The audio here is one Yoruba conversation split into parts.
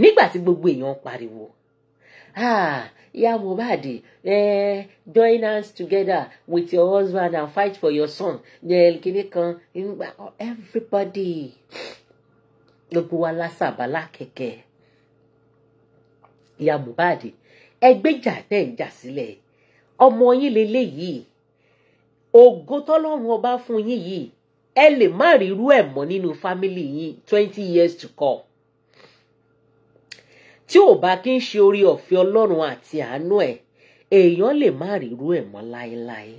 nígbà tí gbogbo èèyàn pariwo ah ìyá Mohbad eh, join hands together with your husband and fight for your son kìnìún kan everybody gbogbo wa lásàbálà kẹkẹ ìyá Mohbad ẹgbẹ́jà tẹ̀ ń jà sílẹ̀ ọmọ yín lélẹ́yìí ògo tọ́lọ́run ọba fún yín yìí ẹ lè má rí irú ẹ̀ mọ́ nínú fámìlì yín twenty years to come tí ò bá kí ń ṣe orí ọ̀fẹ́ ọlọ́run àti àánú ẹ̀ èèyàn lè má rírú ẹ̀ mọ́ láéláé.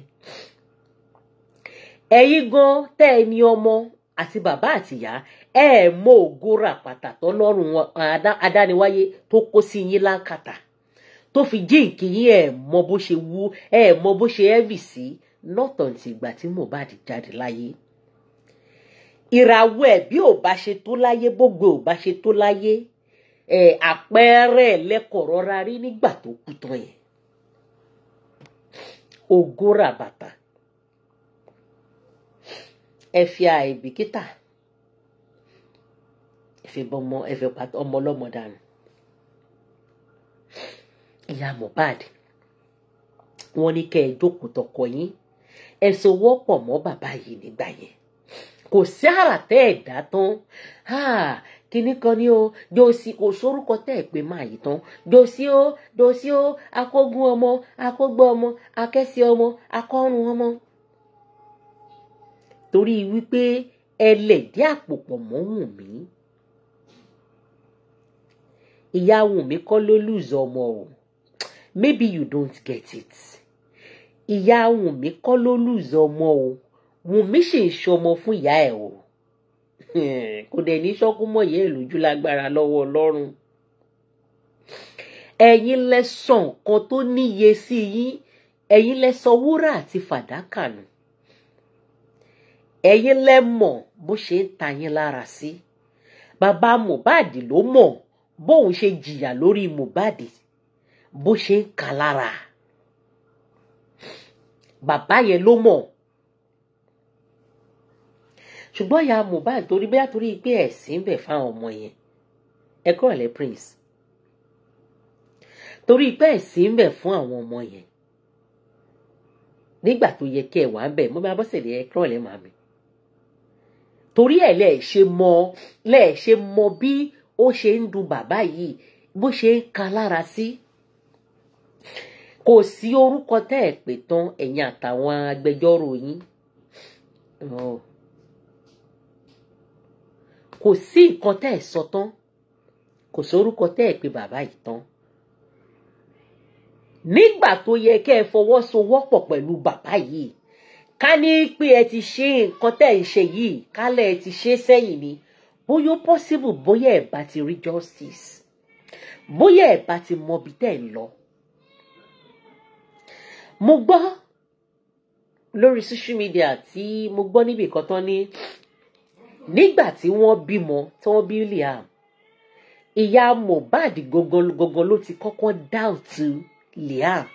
ẹ̀yin gan tẹ́ ẹ ní ọmọ àti bàbá àtìyá ẹ ẹ̀ mọ ògo ràpàtà tọ́lọ́run adániwáyé tó kó sí yín lákàtà tó fi jíǹkì yín ẹ mọ bó ṣe wú ẹ mọ bó ṣe ẹ́vì sí nọ́tàn ti ìgbà tí Mohbad jáde láyé ìràwọ̀ ẹ̀ bí ò bá ṣe tó láyé bógbó ò bá ṣe tó láyé àpẹẹrẹ lẹ́kọ̀ọ́ rọra rí nígbà tó kú tán yẹn ògo ra bàtà ẹ fi àìbìkítà ẹ fi bọmọ ẹ fi pàtó ọmọ ọlọ́mọ dànù ìyá Mohbad wọn ní kẹ́ ẹ jókòó tọkọ yín ẹ so wọ́pọ̀ mọ́ bàbá yìí nígbà yẹn kò sí àràtẹ ẹ̀dá tán kínní kan ní o jòsí kò sórúkọ tẹ́ ẹ̀ pé máa yìí tán jòsí o jòsí o akógun ọmọ akógbọ́ ọmọ akẹ́sí ọmọ akọ́run ọmọ. torí wípé ẹlẹ́dẹ́ àpòpọ̀ mọ́ wùn mí ìyá wùn mí kọ́ ló lùzọ ọmọ o maybe you don't get it ìyá wùn mí kọ́ ló lùzọ ọmọ o wùn mí ṣe ń ṣọmọ fún ìyá ẹ̀ o. kò dẹ̀ ní ṣọ́kú mọ̀yẹ́ ìlójú lágbára lọ́wọ́ ọlọ́run ẹ̀yin lẹ́sàn kan tó níye sí yín ẹ̀yin lẹ́sàn wúrà àti fàdákà nù ẹ̀yin lẹ́mọ̀ bó ṣe ń ta yín lára sí bàbá Mohbad ló mọ̀ bóun ṣe jìyà lórí Mohbad bó ṣe ń kà lára bàbá yẹn ló mọ̀ ṣùgbọ́n ya mobile, torí bóyá torí pé ẹ̀sìn bẹ̀ fáwọn ọmọ yẹn ẹ kọ́ ọ̀lẹ́ prince torí pé ẹ̀sìn bẹ̀ fún àwọn ọmọ yẹn nígbà tó yẹ kí ẹ wà ń bẹ̀ mo máa bọ́ sẹ̀lẹ̀ ẹ kọ́ ọ̀lẹ́ màmí torí ẹ̀ lẹ́ẹ̀ ṣe mọ lẹ́ẹ̀ ṣe mọ bí ó ṣe ń du bàbá yìí bó ṣe ń ka lára sí kò sí orúkọ tẹ́ ẹ̀ pè tán ẹ̀yìn àtàwọn agbẹjọ́rò yín. Oh kò sí nǹkan tẹ́ ẹ̀ sọ tán kò sórúkọ tẹ́ ẹ̀ pé bàbá yìí tán nígbà tó yẹ kẹ́ ẹ fọwọ́sowọ́pọ̀ pẹ̀lú bàbá yìí ká ní pé ẹ ti ṣe nǹkan tẹ́ ẹ ń ṣe yìí kálẹ̀ ẹ ti ṣe sẹ́yìn ni bóyá possible bóyá ẹ bá ti rí justice bóyá ẹ bá ti mọbi tẹ́ ẹ lọ. mo gbọ́ lórí social media tí mo gbọ́ níbì kan ní. Ni nígbà tí wọ́n bímọ tí wọ́n bí Liam ìyá Mohbad gangan ló ti kọ́kọ́ dáòtú Liam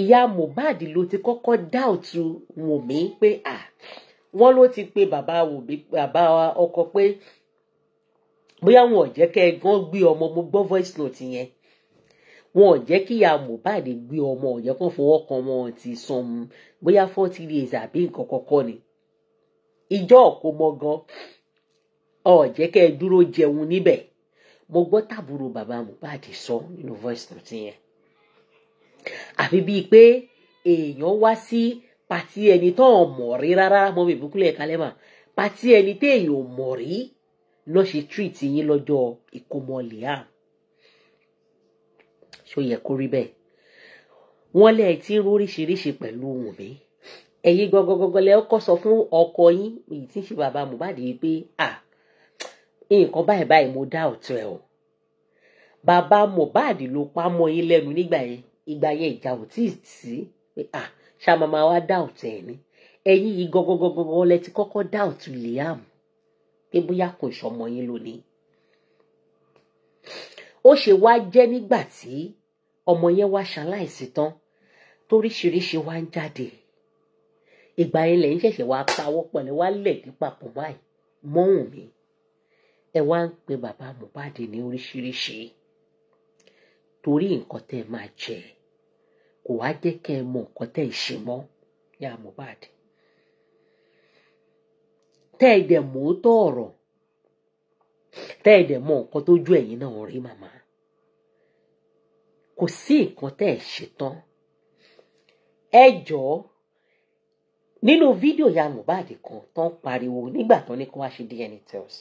ìyá Mohbad ló ti kọ́kọ́ dáòtú Wùnmí pé à wọ́n ló ti pe bàbá Wùnmí bàbá ọkọ pé bóyá wọn ò jẹ́ kẹ́ ẹ gan gbé ọmọ mo gbọ́ voice note yẹn wọn ò jẹ́ kí ìyá Mohbad gbé ọmọ ọ̀yẹ́ kan fọwọ́ kan wọn ti sọnù bóyá forty days àbí nǹkan kọ́kọ́ ni ìjọ kò mọ gan ọ jẹ́ kẹ́ ẹ dúró jẹun níbẹ̀ mo gbọ́ tàbúrò bàbá Mohbad sọ nínú voice note yẹn àfi bíi pé èèyàn wá sí pàtí ẹni tó ń mọ̀ rí rárá mọ́ mi ìbúkúlẹ̀ kalẹ́ mà pàtí ẹni téèyàn ò mọ̀ rí lọ́ ṣe treat yín lọ́jọ́ ìkómọ Liam ṣó yẹ kó rí bẹ́ẹ̀ wọ́n lẹ́ẹ̀ tí ń róríṣiríṣi pẹ̀lú Wùnmí ẹ̀yin gọgọgọgọ lẹ kọ́ sọ fún ọkọ yín èyí tí ń ṣe bàbá Mohbad yìí pé à nǹkan báyìí báyìí mo dá ọ̀tọ̀ ẹ̀ o bàbá Mohbad ló pa mọ́ yín lẹ́nu nígbà yẹn ìgbà yẹn ìjà ò tí ì sí pé à ṣàmàmà wa dá ọ̀tọ̀ ẹ̀ ni ẹ̀yin yìí gọgọgọgọ lẹ ti kọ́kọ́ dá ọ̀tọ̀ Liam pé bóyá kò sọmọ yín lónìí ó ṣe wá jẹ́ nígbà tí ọmọ yẹn wá ṣaláìsí tán toríṣiríṣi wá ń jáde ìgbà ilẹ̀ lẹ́yìn ṣẹ̀ṣẹ̀ wá pawọ́ pọ̀ lẹ́ wá lẹ̀dí papọ̀ báyìí mọ́hùn mi ẹ wá ń pe bàbá Mohbad ní oríṣiríṣi torí nǹkan tẹ́ ẹ máa jẹ kò wá jẹ́ kẹ́ ẹ mọ nǹkan tẹ́ ẹ ṣe mọ́ Mohbad tẹ́ ẹ dẹ̀ mọ́ tó ọ̀rọ̀ tẹ́ ẹ dẹ̀ nǹkan tó rí màmá kò sí nǹkan ẹ ṣe nínú fídíò ìyá Mohbad kan tó ń pariwo nígbà tó ní kó wá ṣe DNA test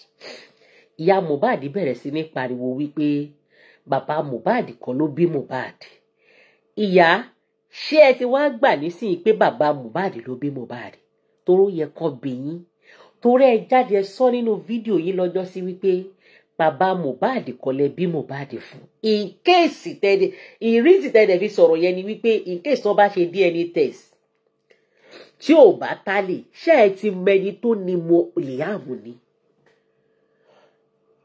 ìyá Mohbad bẹ̀rẹ̀ sí ní pariwo wípé bàbá Mohbad kọ́ ló bí Mohbad ìyá ṣé ẹ ti wá gbà nísìnyí pé bàbá Mohbad ló bí Mohbad toró yẹ kán bí yín torí ẹ jáde sọ nínú fídíò yìí lọ́jọ́ sí wípé bàbá Mohbad kọ́lẹ̀ bí Mohbad fún in case tẹ́lẹ̀ ìrísí tẹ́lẹ̀ fi sọ̀rọ̀ yẹn ni wípé in case tó bá ṣe DNA test tí ò bá tálè ṣé ẹ ti mẹni tó ni mo Liam ni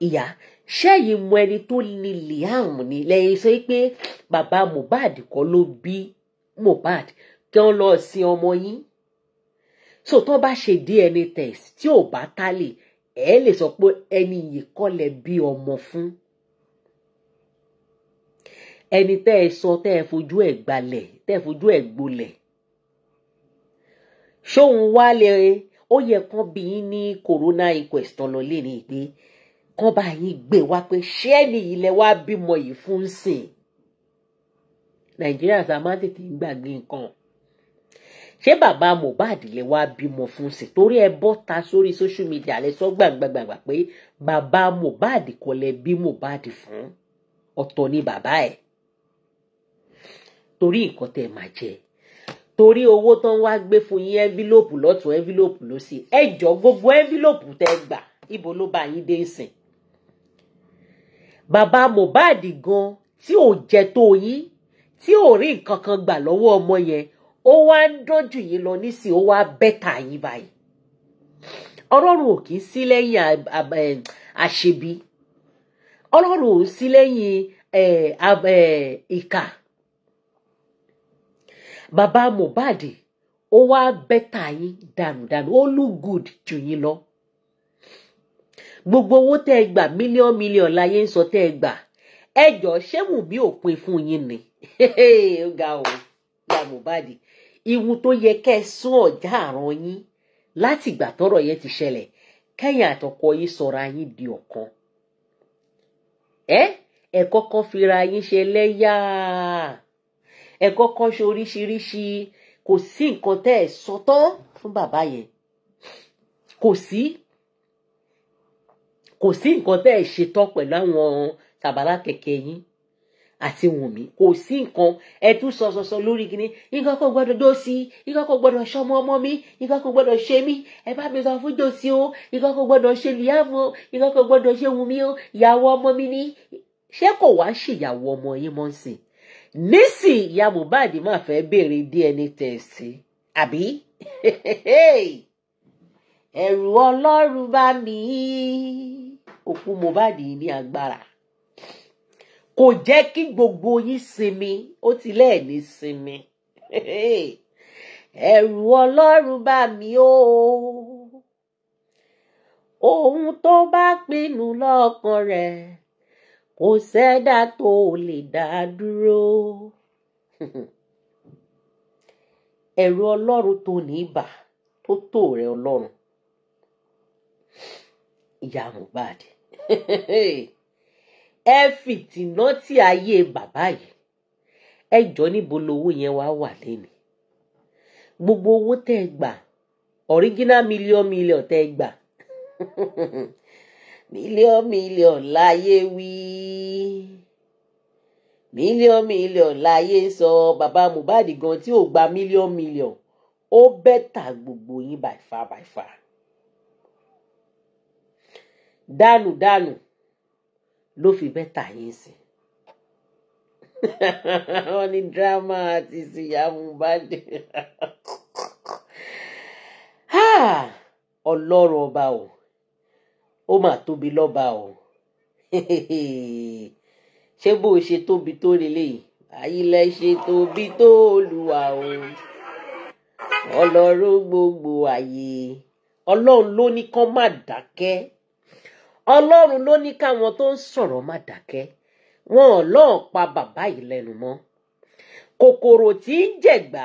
ìyá ṣé yìí mọ ẹni tó ni Liam ni lẹ́yìn sọ pé bàbá Mohbad kọ́ ló bí Mohbad kí wọ́n lọ sin ọmọ yín so tó bá ṣe DNA test tí ò bá tálè ẹ lè sọ pé ẹni yìí kọ́ lẹ bí ọmọ fún ẹni tẹ́ ẹ sọ tẹ́ ẹ fojú ẹ̀ gbalẹ̀ tẹ́ ẹ fojú ẹ̀ gbolẹ̀ ṣóun wá lè ó yẹ kán bí yín ní corona inquest lọ léèrè pé kán bá yín gbé wá pé ṣé nìyí lẹ wá bímọ yìí fún sìn nàìjíríà sá máa tètè ń gbàgbé nǹkan ṣé bàbá Mohbad lè wá bímọ fún sí torí ẹ bọ́ ta sórí social media lẹ sọ gbàngbàngbà pé bàbá Mohbad kò lè bí Mohbad fún ọ̀tọ̀ ni bàbá ẹ̀ torí nǹkan tẹ́ máa jẹ torí owó tán wá gbé fún yín envelope lọ́tún envelope lósì ẹ jọ gbogbo envelope tẹ́ gbà ibo ló bá yín dé sìn. bàbá Mohbad gan tí ò jẹ tó yín tí ò rí nǹkan kan gbà lọ́wọ́ ọmọ yẹn ó wá ń dánjú yín lọ nísìn ó wá bẹ́tà yín báyìí. ọlọ́run ò kì í sí lẹ́yìn àṣebi ọlọ́run ò sí lẹ́yìn ìkà. E, Baba Mohbad ó wá bẹ́tà yín dànùdànù ó lù good jù yín lọ gbogbo owó tẹ́ ẹ gbà mílíọ̀n mílíọ̀n láyé ń sọ tẹ́ ẹ gbà ẹ jọ ṣé Wùnmí ò pín fún yín ni ó ga ọ ya Mohbad ìwù tó yẹ kẹ́ ẹ sún ọ̀já àrùn yín láti ìgbà tọ́rọ̀ yẹn ti ṣẹlẹ̀ kẹ́yìn àtọkọ yín sọra yín di ọ̀kan ẹ ẹ kọ́kọ́ fira yín ṣe lẹ́yà ẹ kọ́kọ́ ṣe oríṣiríṣi kò sí nǹkan tẹ́ ẹ sọ tán fún bàbá yẹn kò sí kò sí nǹkan tẹ́ ẹ ṣe tán pẹ̀lú àwọn tàbálà kẹ̀kẹ́ yín àti wùnmí kò sí nǹkan ẹ tún sọ sọ sọ lórí kíní nǹkan kò gbọ́dọ̀ dóòsì nǹkan kò gbọ́dọ̀ ṣọmọ ọmọ mi nǹkan kò gbọ́dọ̀ ṣe mí ẹ bá mi sọ fún dóòsì o nǹkan kò gbọ́dọ̀ ṣe lìyàmù o nǹkan kò gbọ́dọ̀ ṣe wùnmí o ìyàwó ọmọ mi ni ṣé kò wá ṣèyàwó ọmọ yín mọ́ sìn nísì ya Mohbad máa fẹ́ béèrè DNA test àbí ẹ̀rù ọlọ́run bá mi òkú Mohbad yìí ní agbára kò jẹ́ kí gbogbo yín sinmi ó ti lẹ́ẹ̀ni sinmi ẹ̀rù ọlọ́run bá mi o ohun tó bá pinnu lọ́kàn rẹ̀ kò sẹ́dá tó o lè dá dúró. ẹ̀rù ọlọ́run tó ní ibà tó tó rẹ ọlọ́run ìyá Mohbad ẹ fìtìná tí ayé bàbá yìí ẹ jọ níbo lowó yẹn wá wà lẹ́nu gbogbo owó tẹ́ ẹ gbà original million million tẹ́ ẹ gbà Million, million, láyé wí mílíọ̀n Million, láyé sọ bàbá Mohbad gan tí ò gba million, million. ó bẹ́tà gbogbo yín by far by far. dànù dànù ló fi bẹ́tà yín sí wọ́n ní dírámà àti ìsìyà Mohbad ọlọ́run ọba o ó mà tóbi lọ́ba o ṣé bó o ṣe tóbi tó lélẹ́yìí àyílẹ̀ ṣe tóbi tó olúwa o ọlọ́run gbogbo ayé ọlọ́run ló ní kán má dákẹ́ ọlọ́run ló ní káwọn tó ń sọ̀rọ̀ má dákẹ́ wọn ọlọ́run pa bàbá yìí lẹ́nu mọ́ kòkòrò tí í jẹ̀gbá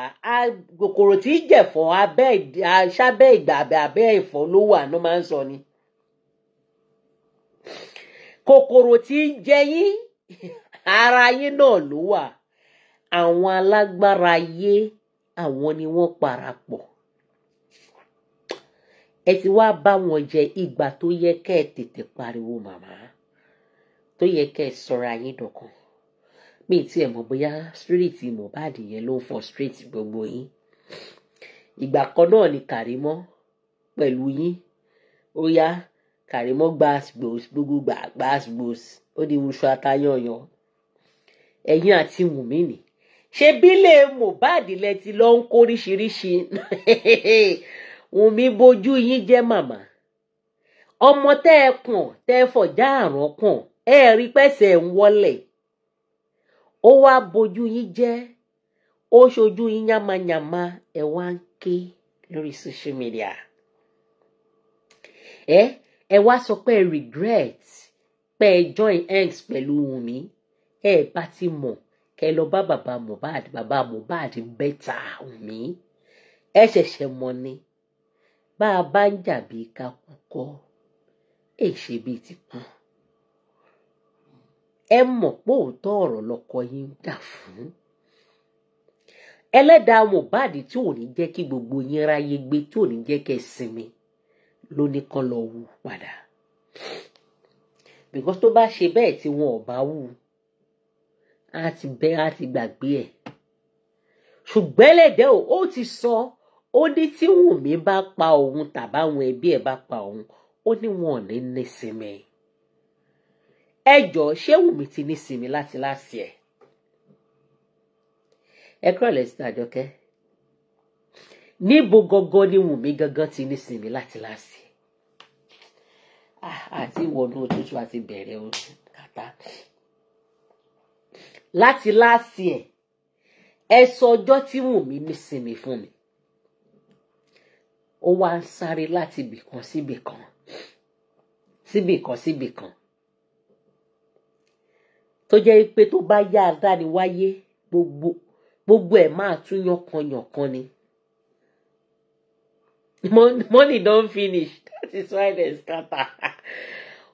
kòkòrò tí í jẹ̀fọ́ abẹ́ sábẹ́ ìgbà abẹ́ ẹ̀fọ́ ló wà ló máa ń sọ ni kòkòrò tí ń jẹ yín ara yín náà ló wà àwọn alágbára ayé àwọn ni wọ́n parapọ̀ ẹ ti wá bá wọn jẹ ìgbà tó yẹ kẹ́ ẹ tètè pariwo màmá tó yẹ kẹ́ ẹ sọra yín dọ̀kan mi tí ẹ mọ̀ bóyá street Mohbad yẹn ló ń fọ street gbogbo yín ìgbà kan náà ni Kàrímọ́ pẹ̀lú yín ó yá. Kàrímọ́ gbàs gbòs gbogbo gbà gbàs gbòs ó di wuṣọ atayanyan ẹ̀yin àti wùmí ni ṣe bílẹ̀ Mohbad lẹ ti lọ ń kó oríṣiríṣi wùmí bojú yín jẹ́ màmá ọmọ tẹ́ ẹ kàn tẹ́ ẹ fọ̀já àrán kàn ẹ rí pẹ́sẹ̀ ń wọlé ó wá bojú yín jẹ́ ó ṣojú yín yamayama ẹ wá ń ké lórí social media Eh? ẹ wá sọ pé regret pé join hands pẹ̀lú Wùmí ẹ bá ti mọ̀ kẹ lọ bá bàbá Mohbad bàbá Mohbad bẹ́tà Wùmí ẹ ṣẹ̀ṣẹ̀ mọ̀ ni bá a bá ń jà bí ká kọ́kọ́ èè ṣe bíi ti kú ẹ mọ̀ pé òótọ́ ọ̀rọ̀ lọkọ yín ń dà fún ẹlẹ́dàá Mohbad tí ò ní jẹ́ kí gbogbo yín ráyé gbé tí ò ní jẹ́ kẹ́ sinmi ló ní kán lọ wù padà because tó bá ṣe bẹ́ẹ̀ tí wọn ò bá wù á ti bẹ́ á ti gbàgbé ẹ̀ ṣùgbọ́n ẹlẹ́dẹ̀ o ó ti sọ ó ní tí Wùnmí bá pa òun tàbáwọn ẹbí ẹ̀ bá pa òun ó ní wọn ò ní nísinmi ẹ jọ ṣé Wùnmí ti nísinmi láti láti ẹ̀ ẹ kúrò lẹ́sìn àjọkẹ́ níbo gangan ni Wùnmí gangan ti ní sinmi láti láàsì àti ah, ìwọ̀nù òtútù àti bẹ̀rẹ̀ kàtà láti láàsì ẹ̀ ẹ sọ ọjọ́ tí Wùnmí ní sinmi fún mi ó wá ń sáré láti bìkan síbìkan síbìkan síbìkan tó jẹ́ pé tó bá yá adániwáyé gbogbo gbogbo ẹ̀ máa tún yànkan yànkan ni money, money don finish that is why they scatter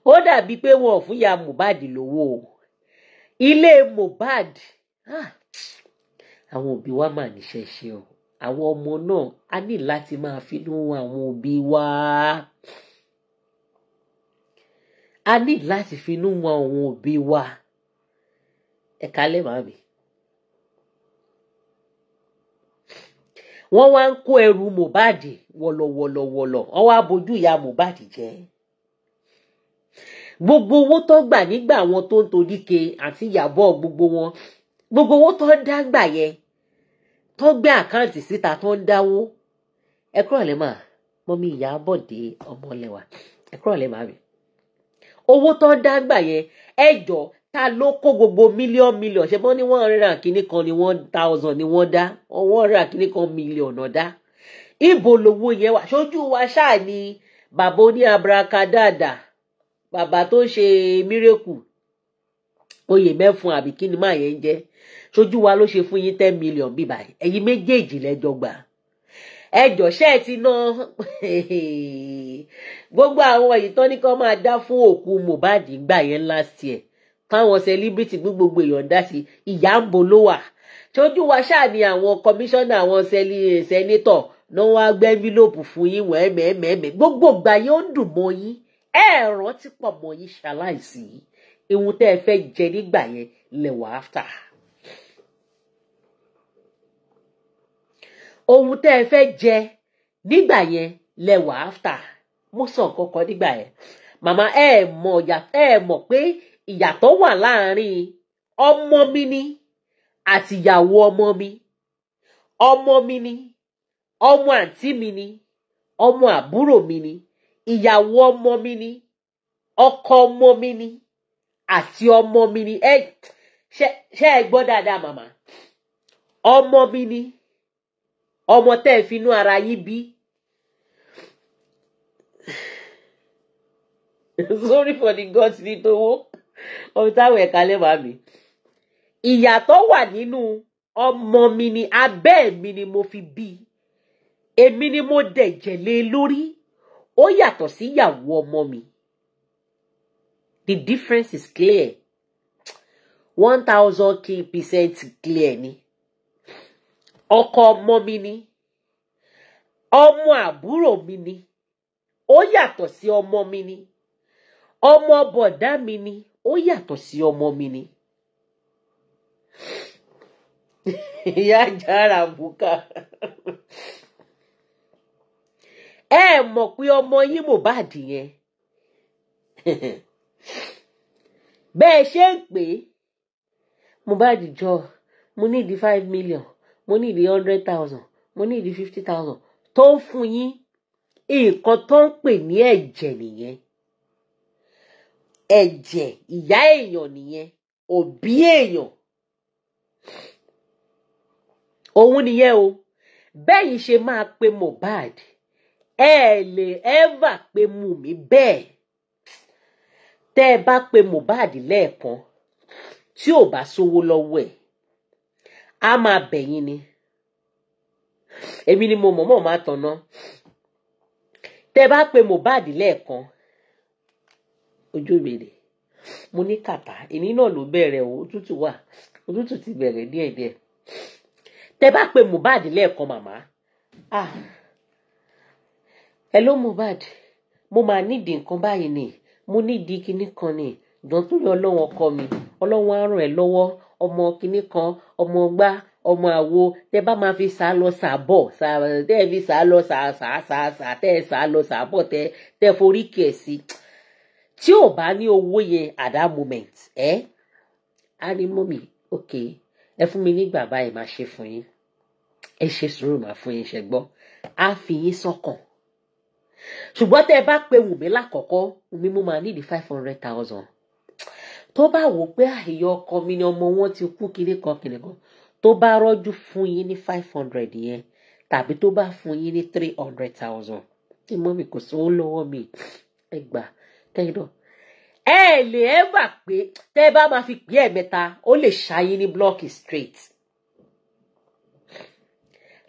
ó dàbí pé wọn ò fún ya Mohbad lówó o ilé Mohbad ah, àwọn òbí wa mà níṣẹ́ ṣe o àwọn ọmọ náà a ní láti máa finú àwọn òbí wa a ní láti finú wọn àwọn òbí wa ẹ̀ka lè má mi. wọ́n wá ń kó ẹrù Mohbad wọ̀lọ̀wọ̀lọ̀wọ̀lọ̀ wọ́n wá bojú ìyá Mohbad jẹ́ gbogbo owó tó gbà nígbà wọn tó ń torí ke àti ìyàbọ̀ gbogbo wọn gbogbo owó tó ń dá gbà yẹn tó gbé àkáǹtì síta tó ń dáwó ẹ kúrò lẹ́mà mọ́mí Ìyábọ̀dé Ọmọlẹ́wà ẹ kúrò lẹ́mà mi owó tó ń dá gbà yẹn ẹ ta ló kó gbogbo million million. ṣe bọ́n ní one hundred and kìíní kan ni one thousand ni wọ́n dá one hundred and kìíní kan mílíọ̀n náà dá ibo lówó yẹn wà sójú wa ṣáà ni bàbá oní abrakadada bàbá tó ń ṣe mírèkù oyè mẹ́fun àbí kí ni máa yẹn jẹ́ sójú wa ló ṣe fún yín ten million bíbá ẹ̀yin méjèèjì lẹ́jọ́ gbà ẹjọ́ ṣe é ti ná gbogbo àwọn ìtọ́ni kan máa dá fún òkú Mohbad gbà yẹn last year táwọn celebrity gbogbo èèyàn dá sí ìyá ń bo ló wà tójú wa ṣáà ni àwọn kọmíṣánná àwọn sẹ́nítọ̀ náà wá gbẹ́ envelope fún yín wọ́n ẹ̀mẹ̀ẹ̀mẹ̀ gbogbo ìgbà yóò dùn mọ́ yín ẹ̀ẹ̀rọ tí pọ̀ mọ́ yín ṣaláìsí ihun tẹ́ ẹ fẹ́ jẹ nígbà yẹn lẹ̀wọ̀ after. ohun tẹ́ ẹ fẹ́ jẹ nígbà yẹn lẹ̀wọ̀ after mo sọ nǹkan kan nígbà yẹn màmá ẹ mọ̀ ọjà ẹ mọ̀ pé ìyàtọ̀ wà láàrin ọmọ mi ni àtìyàwó ọmọ mi ọmọ mi ni ọmọ àǹtí mi ni ọmọ àbúrò mi ni ìyàwó ọmọ mi ni ọkọ ọmọ mi ni àti ọmọ mi ni ẹ ṣe ẹ gbọ́ dáadáa màmá ọmọ mi ni ọmọ tẹ́ fi inú ara yín bí. sorry for the gods nítorí ọ̀táwọ̀ ẹ̀ka lẹ́wàá mi ìyà tó wà nínú ọmọ mi ni abẹ́ mi ni mo fi bí èmi ni mo dẹ̀jẹ̀ lé lórí ó yàtọ̀ sí ìyàwó ọmọ mi the difference is clear one thousand key percent clear ni ọkọ ọmọ mi ni ọmọ àbúrò mi ni ó yàtọ̀ sí ọmọ mi ni ọmọ bọ̀dá mi ni. ó yàtọ̀ sí ọmọ mi ni ìyá àjàrà bùkà ẹ mọ̀ pé ọmọ yín Mohbad yẹn bẹ́ẹ̀ ṣe ń pè é Mohbad jọ mo ní ìdí five million mo ní ìdí hundred thousand mo ní ìdí fifty thousand tó ń fún yín nǹkan tó ń pè ní ẹ̀jẹ̀ nìyẹn. ẹ̀jẹ̀ ìyá èèyàn nìyẹn òbí èèyàn òun nìyẹn o bẹ́yìn ṣe máa pe Mohbad ẹ lè ẹ́và pe mi bẹ́ẹ̀ tẹ́ ẹ bá pe Mohbad lẹ́ẹ̀kan tí ò bá sówó lọ́wọ́ ẹ̀ á máa bẹ̀yìn ni èmi ni mo mọ̀mọ́ máa tọ̀nà tẹ́ ẹ bá pe Mohbad lẹ́ẹ̀kan ojú mi rè mo ní kàtá ìní náà ló bẹ̀rẹ̀ o òtútù wà òtútù ti bẹ̀rẹ̀ díẹ̀díẹ̀ tẹ bá pe Mohbad lẹ́ẹ̀kan màmá ah hello Mohbad mo máa nídìí nǹkan báyìí ni mo nídìí kinní kan ni ìdán tó yọ ọlọ́wọ́n kọ mi ọlọ́wọ́n á ràn ẹ́ lọ́wọ́ ọmọ kinní kan ọmọ ọgbà ọmọ àwo tẹ bá máa fi sá lọ sá bọ̀ sá tẹ fi sá lọ sá sá sá tẹ sá lọ sá bọ̀ tẹ tẹ forí kẹ̀ sí. Si tí ò bá ní owó yẹn at that moment ẹ eh? á ní mọ́mì ok ẹ fún mi nígbà báyìí máa ṣe fún yín ẹ ṣe sùúrù máa fún yín ṣe gbọ́ á fi yín sọ́kàn ṣùgbọ́n tẹ́ ẹ bá pe Wùmí lákọ̀ọ́kọ́ Wùmí mo máa nídìí five hundred thousand tó bá wò pé àyè ah, ọkọ mi ni ọmọ wọn ti kú kinní kan kinní kan tó bá rọ́jú fún yín ní five hundred yẹn tàbí tó bá fún yín ní three hundred thousand tí mọ́mì kò sówó lọ́wọ́ mi ẹ gbà kẹ́yìn náà ẹ lè ẹ bà pé tẹ́ ẹ bá máa fi pé ẹ̀mẹ́ta ó lè ṣayé ní blọọkì straight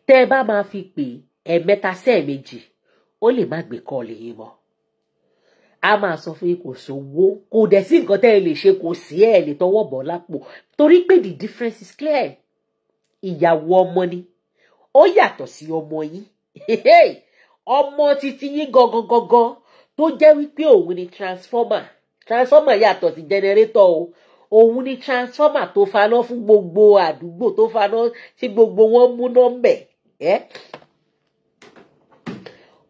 tẹ́ ẹ bá máa fi pé ẹ̀mẹ́ta sẹ́ẹ̀mejì ó lè má gbé kọ́ọ̀lì yín mọ́ a máa sọ fún yín kò sówó kò dẹ̀ sí nǹkan tẹ́ ẹ lè ṣe kò sí ẹ̀ lè tọwọ́ bọ̀ lápò torí pé the difference is clear ìyàwó ọmọ ni ó yàtọ̀ sí ọmọ yín ọmọ titi yín gangan gangan tó jẹ́ wípé òun ni transformer transformer yàtọ̀ sí generator o òun ni transformer tó faná fún gbogbo àdúgbò tó faná tí gbogbo wọn múná mbẹ ẹ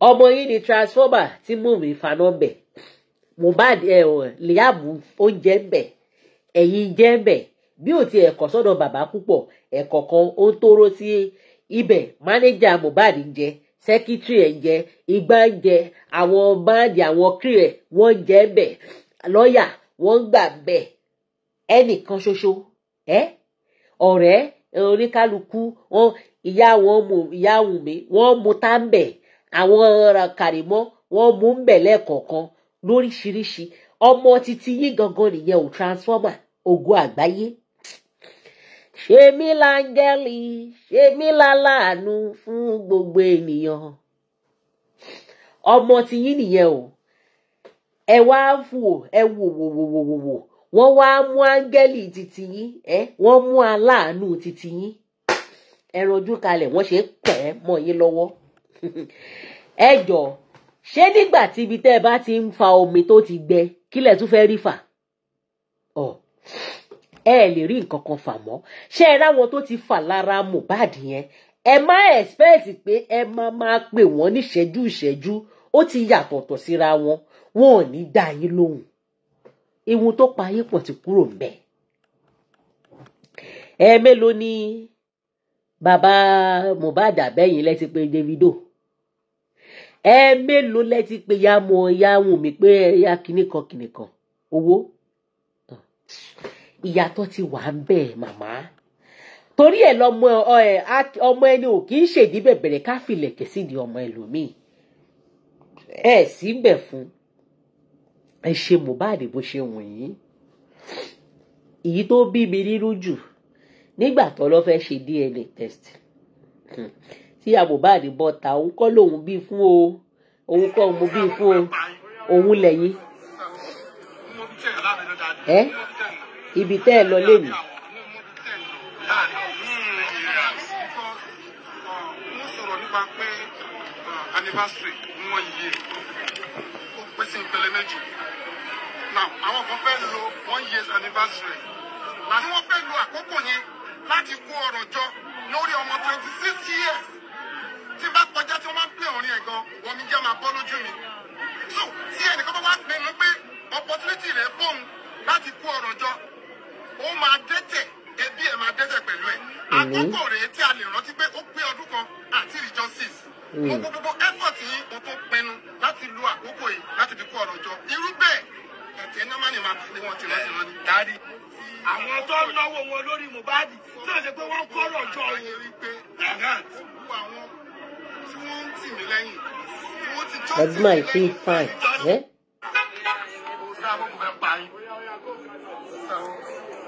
ọmọ yìí ni transformer tí mò ń faná mbẹ Mohbad ẹ ọ Liam oúnjẹ mbẹ ẹyin jẹ mbẹ bí ò ti ẹkọ sọ́dọ̀ bàbá púpọ̀ ẹkọ kan ó ń tóró sí ibẹ̀ mánéjà Mohbad ń jẹ sẹ́kítírì ẹ̀ jẹ igbá ń jẹ àwọn báńdì àwọn kírì ẹ̀ wọ́n jẹ bẹ̀ lọ́ọ̀yà wọ́n gbà bẹ̀ ẹnìkan ṣoṣo ẹ́ ọ̀rẹ́ oníkálukú wọn ìyá wọn mú ìyá wù mí wọ́n mú táǹbẹ̀ àwọn kàrímọ́ wọ́n mú ń bẹ̀ lẹ́ẹ̀kọ̀ọ̀kan lóríṣiríṣi ọmọ títí yín gangan nìyẹn ò transformer ògo àgbáyé ṣe mí láńgẹ́lì ṣe mí láláàánú fún gbogbo ènìyàn ọmọ ti yín nìyẹn o ẹ wá wò ẹ wò wò wò wò wò wò wọ́n wá mú áńgẹ́lì titi yín ẹ wọ́n mú aláàánú titi yín ẹ rojú kalẹ̀ wọ́n ṣe pẹ́ mọ́ yín lọ́wọ́ ẹ jọ ṣé nígbà tí ibi tẹ́ ẹ bá ti ń fa omi tó ti gbẹ kílẹ̀ tún fẹ́ rí fà ọ. Oh ẹ lè rí nǹkan kan fà mọ́ ṣé ẹ ráwọn tó ti fà lára Mohbad yẹn ẹ má expect pé ẹ má máa pè wọ́n níṣẹ́jú ìṣẹ́jú ó ti yàtọ̀tọ̀ síra wọn wọn ò ní dá yín lóhùn ewu tó pa yín pọ̀ ti kúrò ń bẹ̀. ẹ mélòó ni bàbá Mohbad abẹ́yìn lẹ́ti pé Davido ẹ mélòó lẹ́ti pé ya mọ̀ ya wùn mí pé ya kìnnìkan kìnnìkan owó ìyàtọ̀ ti wà ń bẹ̀ màmá torí ẹ̀ lọ́mọ ọmọ ẹni ò kì í ṣèdí bẹ̀bẹ̀rẹ̀ ká filẹ̀kẹ̀ sídìí ọmọ ẹlòmíì ẹ̀ sí ń bẹ̀ fún ẹ ṣe Mohbad bó ṣe wọ̀nyí èyí tó bí mi nínú jù nígbà tó lọ fẹ́ ṣe DNA test hmm. tí Mohbad bọ́ ta òun kọ́ lòun bí fún o òun kọ́ òun bí fún o òun lẹ́yìn. ẹ ibi tẹ́ ẹ lọ lẹ́nu. anniversary wọn yìí ó pín sí ìpele méjì now àwọn kan fẹ́ lo one year anniversary làní wọ́n fẹ́ lo àkókò yẹn láti kó ọ̀rọ̀ jọ lórí ọmọ twenty six years tí bá kọjá tí wọ́n máa ń pè ọ̀rìn ẹ̀ gan wọ́n mi jẹ́ máa bọ́ lójú mi so tí ẹnìkan bá wá pinnu pé opportunity rẹ̀ fóun láti kó ọ̀rọ̀ jọ o máa dẹ́tẹ̀ ebi ẹ̀ máa dẹ́tẹ̀ pẹ̀lú ẹ̀ mhm. àkókò rèé tí a lè rántí pé ó pé ọdún kan àti justice mhm. gbogbo gbogbo effort yìí o tó pinnu láti lu àkókò yìí láti fi kó ọ̀rọ̀ jọ irú bẹ́ẹ̀ ẹ̀tẹ́ náà má ní máa fi wọn tìrọ̀tìrọ̀ ni. dárí àwọn tó ń náwó wọn lórí Mohbad tí wọ́n ṣe pé wọ́n kọ́rọ̀ jọ yẹn rí pé gbogbo àwọn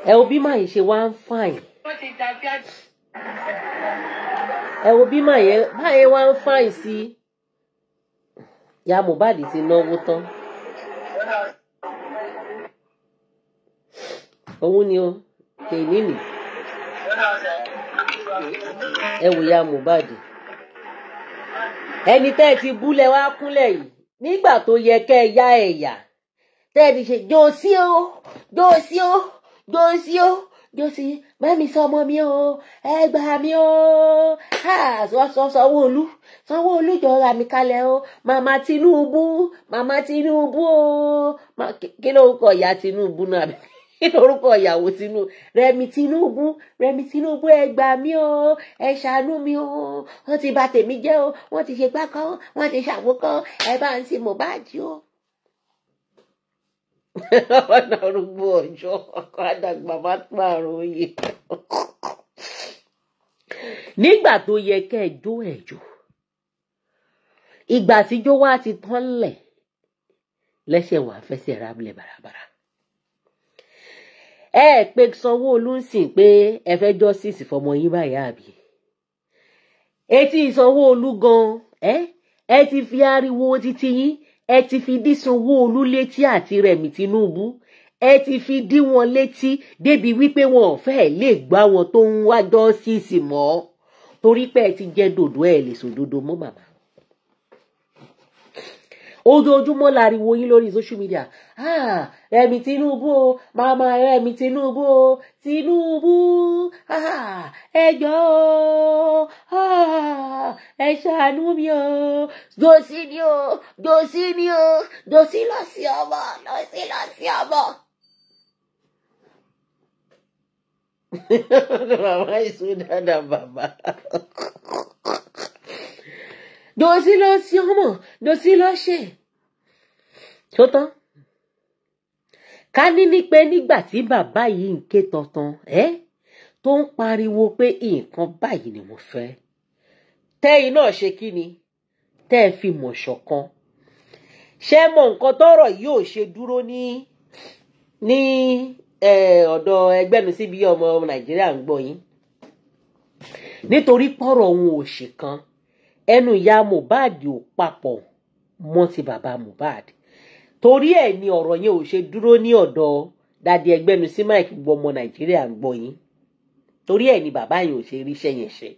ẹ wo bí màá yìí ṣe wá ń fàyè ẹ wo bí màá yẹn màá yẹn wá ń fàyè sí ya Mohbad ti náwó tán òun ni o tèmi nì ẹ wò ya Mohbad ẹni tẹ́ ẹ ti búlẹ̀ wá kúnlẹ̀ yìí nígbà tó yẹ kẹ́ ẹ yá ẹ̀yà tẹ́ ẹ ti ṣe jòsí o jòsí o josi o josi mẹ́mi sọmọ mi o Ha, so mí o sanwó-olú sanwó-olú jọra mi kalẹ̀ o màmá tinubu Mama tinubu o kí ló ń kọ ìyá tinubu náà lórúkọ ìyàwó tinubu rẹmi tinubu rẹmi tinubu ẹ gbà mí o ẹ ṣàánú mi o wọ́n ti bà tèmi jẹ́ o wọ́n ti ṣe gbákan wọ́n ti ṣàwókọ ẹ bá ń sin mohbad o àwọn arúgbó ọjọ́ ọkọ àdàgbà má pààrọ̀ oyè. nígbà tó yẹ kẹ́ ẹ jó ẹ jó ìgbà wa wá ti tán lẹ̀ lẹ́sẹ̀ wàá fẹsẹ̀ ra bilẹ̀ bàràbàrà. ẹ ẹ pé sanwó-olú ń sìn pé ẹ fẹ́ justice fọmọ yín báyìí àbí. etí sanwó-olú gan-an ẹ ẹ ti fi ariwo títí yín ẹ ti fi dí Sanwó-Olú létí àti Rẹ̀mí Tinubu ẹ ti fi dí wọn létí débi wípé wọn ò fẹ́ lè gbá wọn tó ń wájọ́ sísì mọ́ torí pé ẹ ti jẹ́ dòdò ẹ̀ lè sòdodo mọ́ màmá ojoojúmọ́ lariwo yín lórí social media ah Rẹ̀mí Tinubu o màmá Rẹ̀mí Tinubu o Tinubu ah ẹjọ́ o ah ẹ ṣàánú mi o dòsí mi o dòsí mi o dòsí lọ sí ọmọ dòsí lọ sí ọmọ. màmá ìsúná dà bàbá dosilosiọmọ dosilọṣẹ tó tán ká ní ní pé nígbà tí bàbá yìí ń ké tọ̀tàn ẹ́ tó ń pariwo pé nǹkan báyìí ni mo fẹ́ tẹ́yìn náà ṣe kí ni tẹ́ ẹ fi mọ̀ ṣọ̀kan ṣé mọ nǹkan tọ́rọ̀ yìí ò ṣe dúró ní ní ọ̀dọ̀ ẹgbẹ́nu síbi ọmọ Nàìjíríà ń gbọ́ yín nítorí pọ̀rọ̀ òun ò ṣèkan ẹnu ìyá Mohbad ò papọ̀ mọ́ ti bàbá Mohbad torí ẹ̀ ni ọ̀rọ̀ yẹn ò ṣe dúró ní ọ̀dọ̀ dádì ẹgbẹ́nu sí Mike gbogbo ọmọ Nàìjíríà ń gbọ́ yín torí ẹ̀ ni bàbá yẹn ò ṣe ríṣẹ́ yẹn ṣe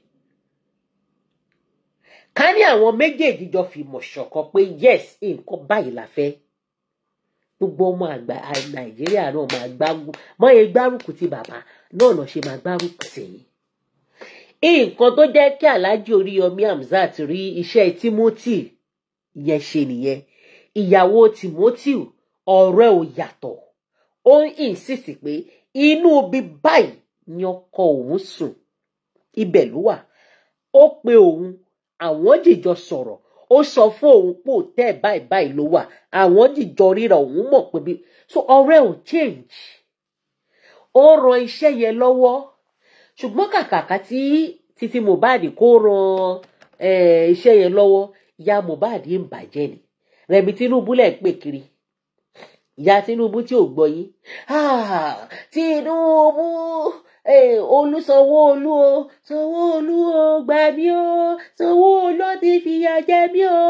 ká ní àwọn méjèèjì jọ fìmọ̀ ṣọ̀kan pé yes nǹkan báyìí la fẹ́ gbogbo ọmọ àgbà Nàìjíríà náà máa gbárùkù ti bàbá náà náà ṣe máa gbárùkù tẹ̀yìn nǹkan tó jẹ́ kí aláàjì oríyọmí hamzat rí iṣẹ́ timothy yẹn ṣe nìyẹn ìyàwó timothy ọ̀rẹ́ ò yàtọ̀ ó ń insist pé inú ibi báyìí ni ọkọ òun sùn ibẹ̀ ló wà ó pe òun àwọn jìjọ sọ̀rọ̀ ó sọ fún òun pò tẹ́ ẹ̀ báyìí báyìí ló wà àwọn jìjọ ríra òun mọ̀ pé bí so ọ̀rẹ́ ò change ó ran iṣẹ́ yẹn lọ́wọ́ ṣùgbọ́n kàkàkà tí títí Mohbad kó ran iṣẹ́ yẹn lọ́wọ́ ìyá Mohbad ń bàjẹ́ ni Rẹ̀mí Tinubu lẹ̀ ń pè kiri ìyá Tinubu tí ò gbọ́ yín Tinubu olú Sanwó-Olú o Sanwó-Olú o gbà mí o Sanwó-Olú ti fìyà jẹ mí o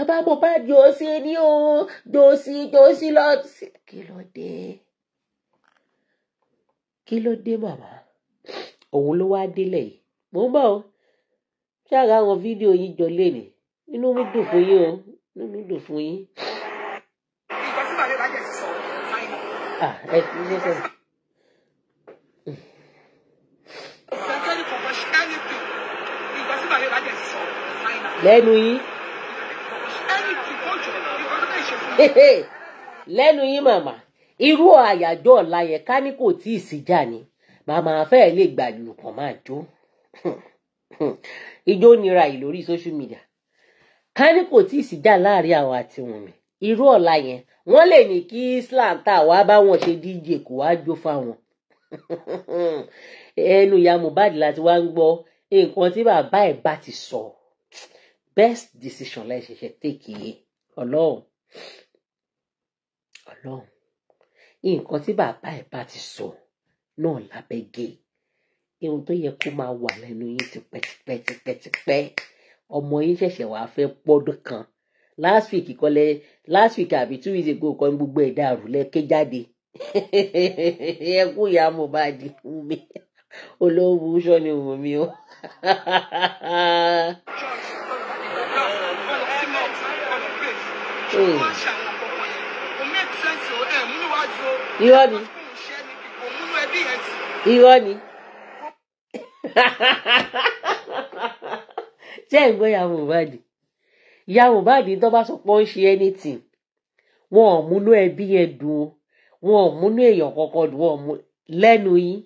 àbá Mohbad jòsí ni o jòsí jòsí lọ kí ló dé kí ló dé màmá òun ló wáá délẹ̀ yìí mò ń bọ̀ ọ́ ṣáàrà àwọn fídíò yìí jọ lé ní inú mi dùn fún yín o inú mi dùn fún yín. lẹ́nu yín. lẹ́nu yín màmá irú àyájọ́ ọ̀la yẹn ká ní kò tí ì sí jà ni màmá afẹ́ lè gbàlù kàn máa jó ijó nira yìí lórí social media ká ní kò tí ì sí jà láàrin àwọn àti Wùnmí irú ọ̀la yẹn wọ́n lè ní kí islam tá a wá báwọn ṣe dj kó wá jó fáwọn ẹnu ìyá Mohbad láti wá ń gbọ́ nǹkan tí bàbá ẹ̀ bá ti sọ best decision láì ṣẹ̀ṣẹ̀ take yìí ọlọ́run ọlọ́run nǹkan tí bàbá ẹ̀ bá ti sọ. So náà lábẹ́ gé ihun tó yẹ kó máa wà lẹ́nu yín ti pẹ́tipẹ́tipẹ́tipẹ́ ọmọ yín ṣẹ̀ṣẹ̀ wàá fẹ́ pọ́dún kan last week kọ́lẹ́ last week àbí two weeks ago kọ́ ní gbogbo ẹ̀ dàrú lẹ́kẹ́ jáde ẹkún ìyá Mohbad fún mi olówó ṣọ́ ni wù mí o. Hmm. irọ́ ni irọ́ ni ṣé ẹ̀ ń gbọ́ ìyá Mohbad ìyá Mohbad tó bá sọ pé ó ń ṣe anything wọn ò múnú ẹbí yẹn dùn o wọn ò múnú èèyàn kankan dùn wọn lẹ́nu yín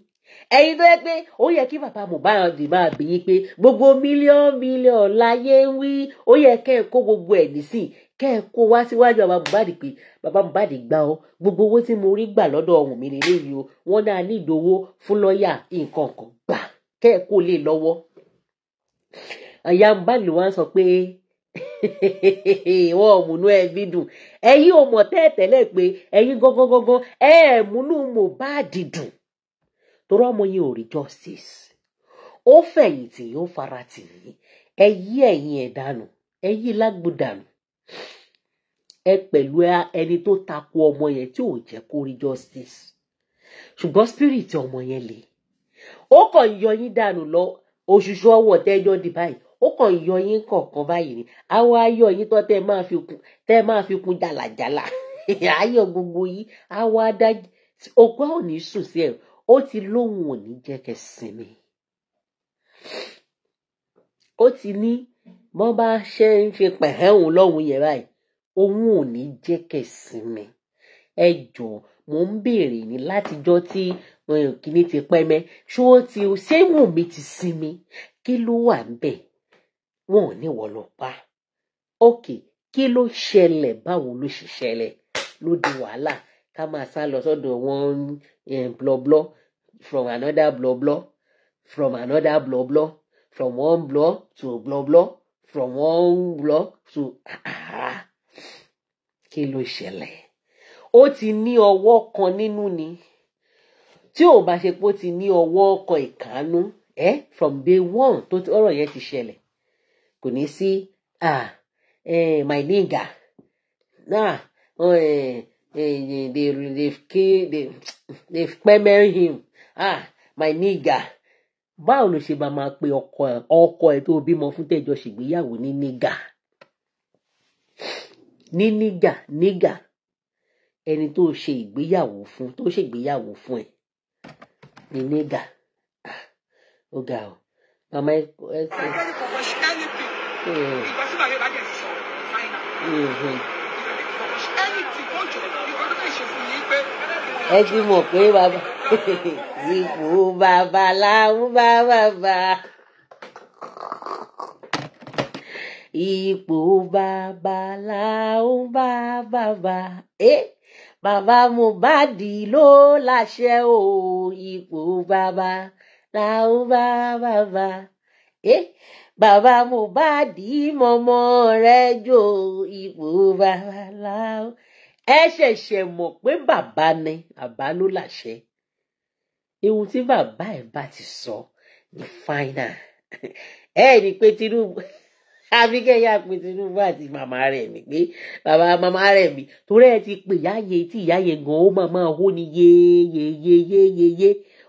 ẹ̀yin tó yẹ pé ó yẹ kí bàbá Mohbad máa bí yín pé gbogbo mílíọ̀nù mílíọ̀nù láyé ń wí ó yẹ kẹ́ ẹ̀ kó gbogbo ẹ̀ nísìn kẹ́ ẹ kó wá síwájú bàbá Mohbad pé bàbá Mohbad gbà ọ gbogbo owó tí mo rí gbà lọ́dọ̀ ọ̀hún mi lélẹ́yìí o wọ́n náà ní ìdòwó fún lọ́ọ̀yà nǹkan kan gbà kẹ́ ẹ kó lè e lọ́wọ́. àyà Mohbad ló wá ń sọ pé wọn ò múnú ẹbí dùn ẹ̀yin ò mọ̀ tẹ́ẹ̀tẹ́lẹ̀ pé ẹ̀yin gángangangan ẹ ẹ̀ múnú Mohbad dùn torí ọmọ yẹn ò rí justice ó fẹ̀yìntì yóò fara tì yín ẹ yí ẹ̀yìn ẹ̀ dànù lágbó dànù ẹ pẹ̀lú ẹni tó takò ọmọ yẹn tí ò jẹ́ kó rí justice ṣùgbọ́n spirit ọmọ yẹn le ó kàn yọ yín dànù lọ òṣùṣù ọwọ́ tẹ́jọ́ di báyìí ó kàn yọ yín kọ̀ọ̀kan báyìí ni àwọn ayọ̀ yín tó tẹ́ máa fi kun tẹ́ máa fi kun jàlàjàlà ayọ̀ gbogbo yìí àwọn adájú ọgbọ́n ò ní sùn sí ẹ̀ ó ti lóhun ò ní jẹ́ kẹ́ sinmi ó ti ní bọ́n bá ṣe ń ṣe pẹ̀hẹ́hùn lọ́hùn yẹn báyìí òun ò ní jẹ́ kẹ̀sìnmi ẹ jọ̀ọ́ mò ń béèrè ní látijọ́ tí kìíní ti pẹ́ mẹ́ ṣó ti ṣé Wùnmí ti sinmi kí ló wà ń bẹ̀ wọn ò ní wọ́n lọ pa ókè kí ló ṣẹlẹ̀ báwo ló ṣe ṣẹlẹ̀ ló di wàhálà ká máa sá lọ sọ́dọ̀ wọn blọblọ from another blọblọ from another blọblọ from one blọ to blọblọ from one block to kí ló ṣẹlẹ̀ ó ti ní ọwọ́ kan nínú ni tí ò bá ṣe pé ó ti ní ọwọ́ kan ìkànnú ẹ from day one tó ọ̀rọ̀ yẹn ti ṣẹlẹ̀ kò ní sí ah eh, my nigga nah oh, eh, they they they they they they pepper him ah my nigga báwo ló ṣe bá máa pe ọkọ ẹ ọkọ ẹ tó bímọ fún tẹjọ ṣègbéyàwó ní nígà ní nígà nígà ẹni tó ṣe ìgbéyàwó fún tó ṣègbéyàwó fún ẹ ní nígà ah, ó ga ọ mama ẹ ẹ hmm. Hmm. ṣe. ẹ ti mọ̀ pé bàbá ba babaláwo bàbàbà. Ipò babaláwo ba. Eh? Bàbá Mohbad ló láṣẹ o, ipò babaláwo bàbàbà. Eh? Bàbá Mohbad mọ̀mọ́ rẹ̀ jò ipò babaláwo. Ẹ ṣẹ̀ṣẹ̀ mọ̀ pé bàbá ni, bàbá ló láṣẹ ihun tí bàbá ẹ̀ bá ti sọ ní fáínà ẹ ní pé Tinubu àfi kẹyà pé Tinubu àti màmá rẹ̀ mi pé Baba, Mama, rẹ̀ mi torí ẹ ti pè yáyé tí ìyáyé gan ó máa máa hó ni yéyéyéyéyé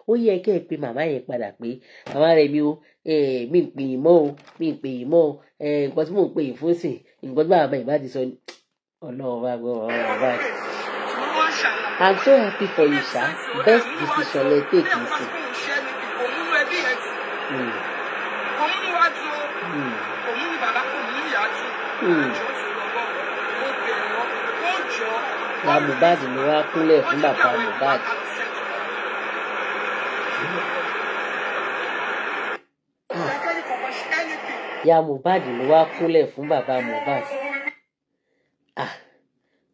ó yẹ kẹ́ ẹ pé màmá yẹn padà pé màmá rẹ̀ mi o mi ń pè yín mọ́ o mi ń pè yín mọ́ o nǹkan tí mò ń pè yín fún sìn nǹkan tí bàbá yìí ti sọ ọlọ́run bá gbọ́ ọ̀rọ̀ bá ti sọ. i'm so happy for you, Best decision they take, you see. Hmm. Hmm. Hmm. Mohbad ni wá kúnlẹ̀ fún bàbá Mohbad. Ah,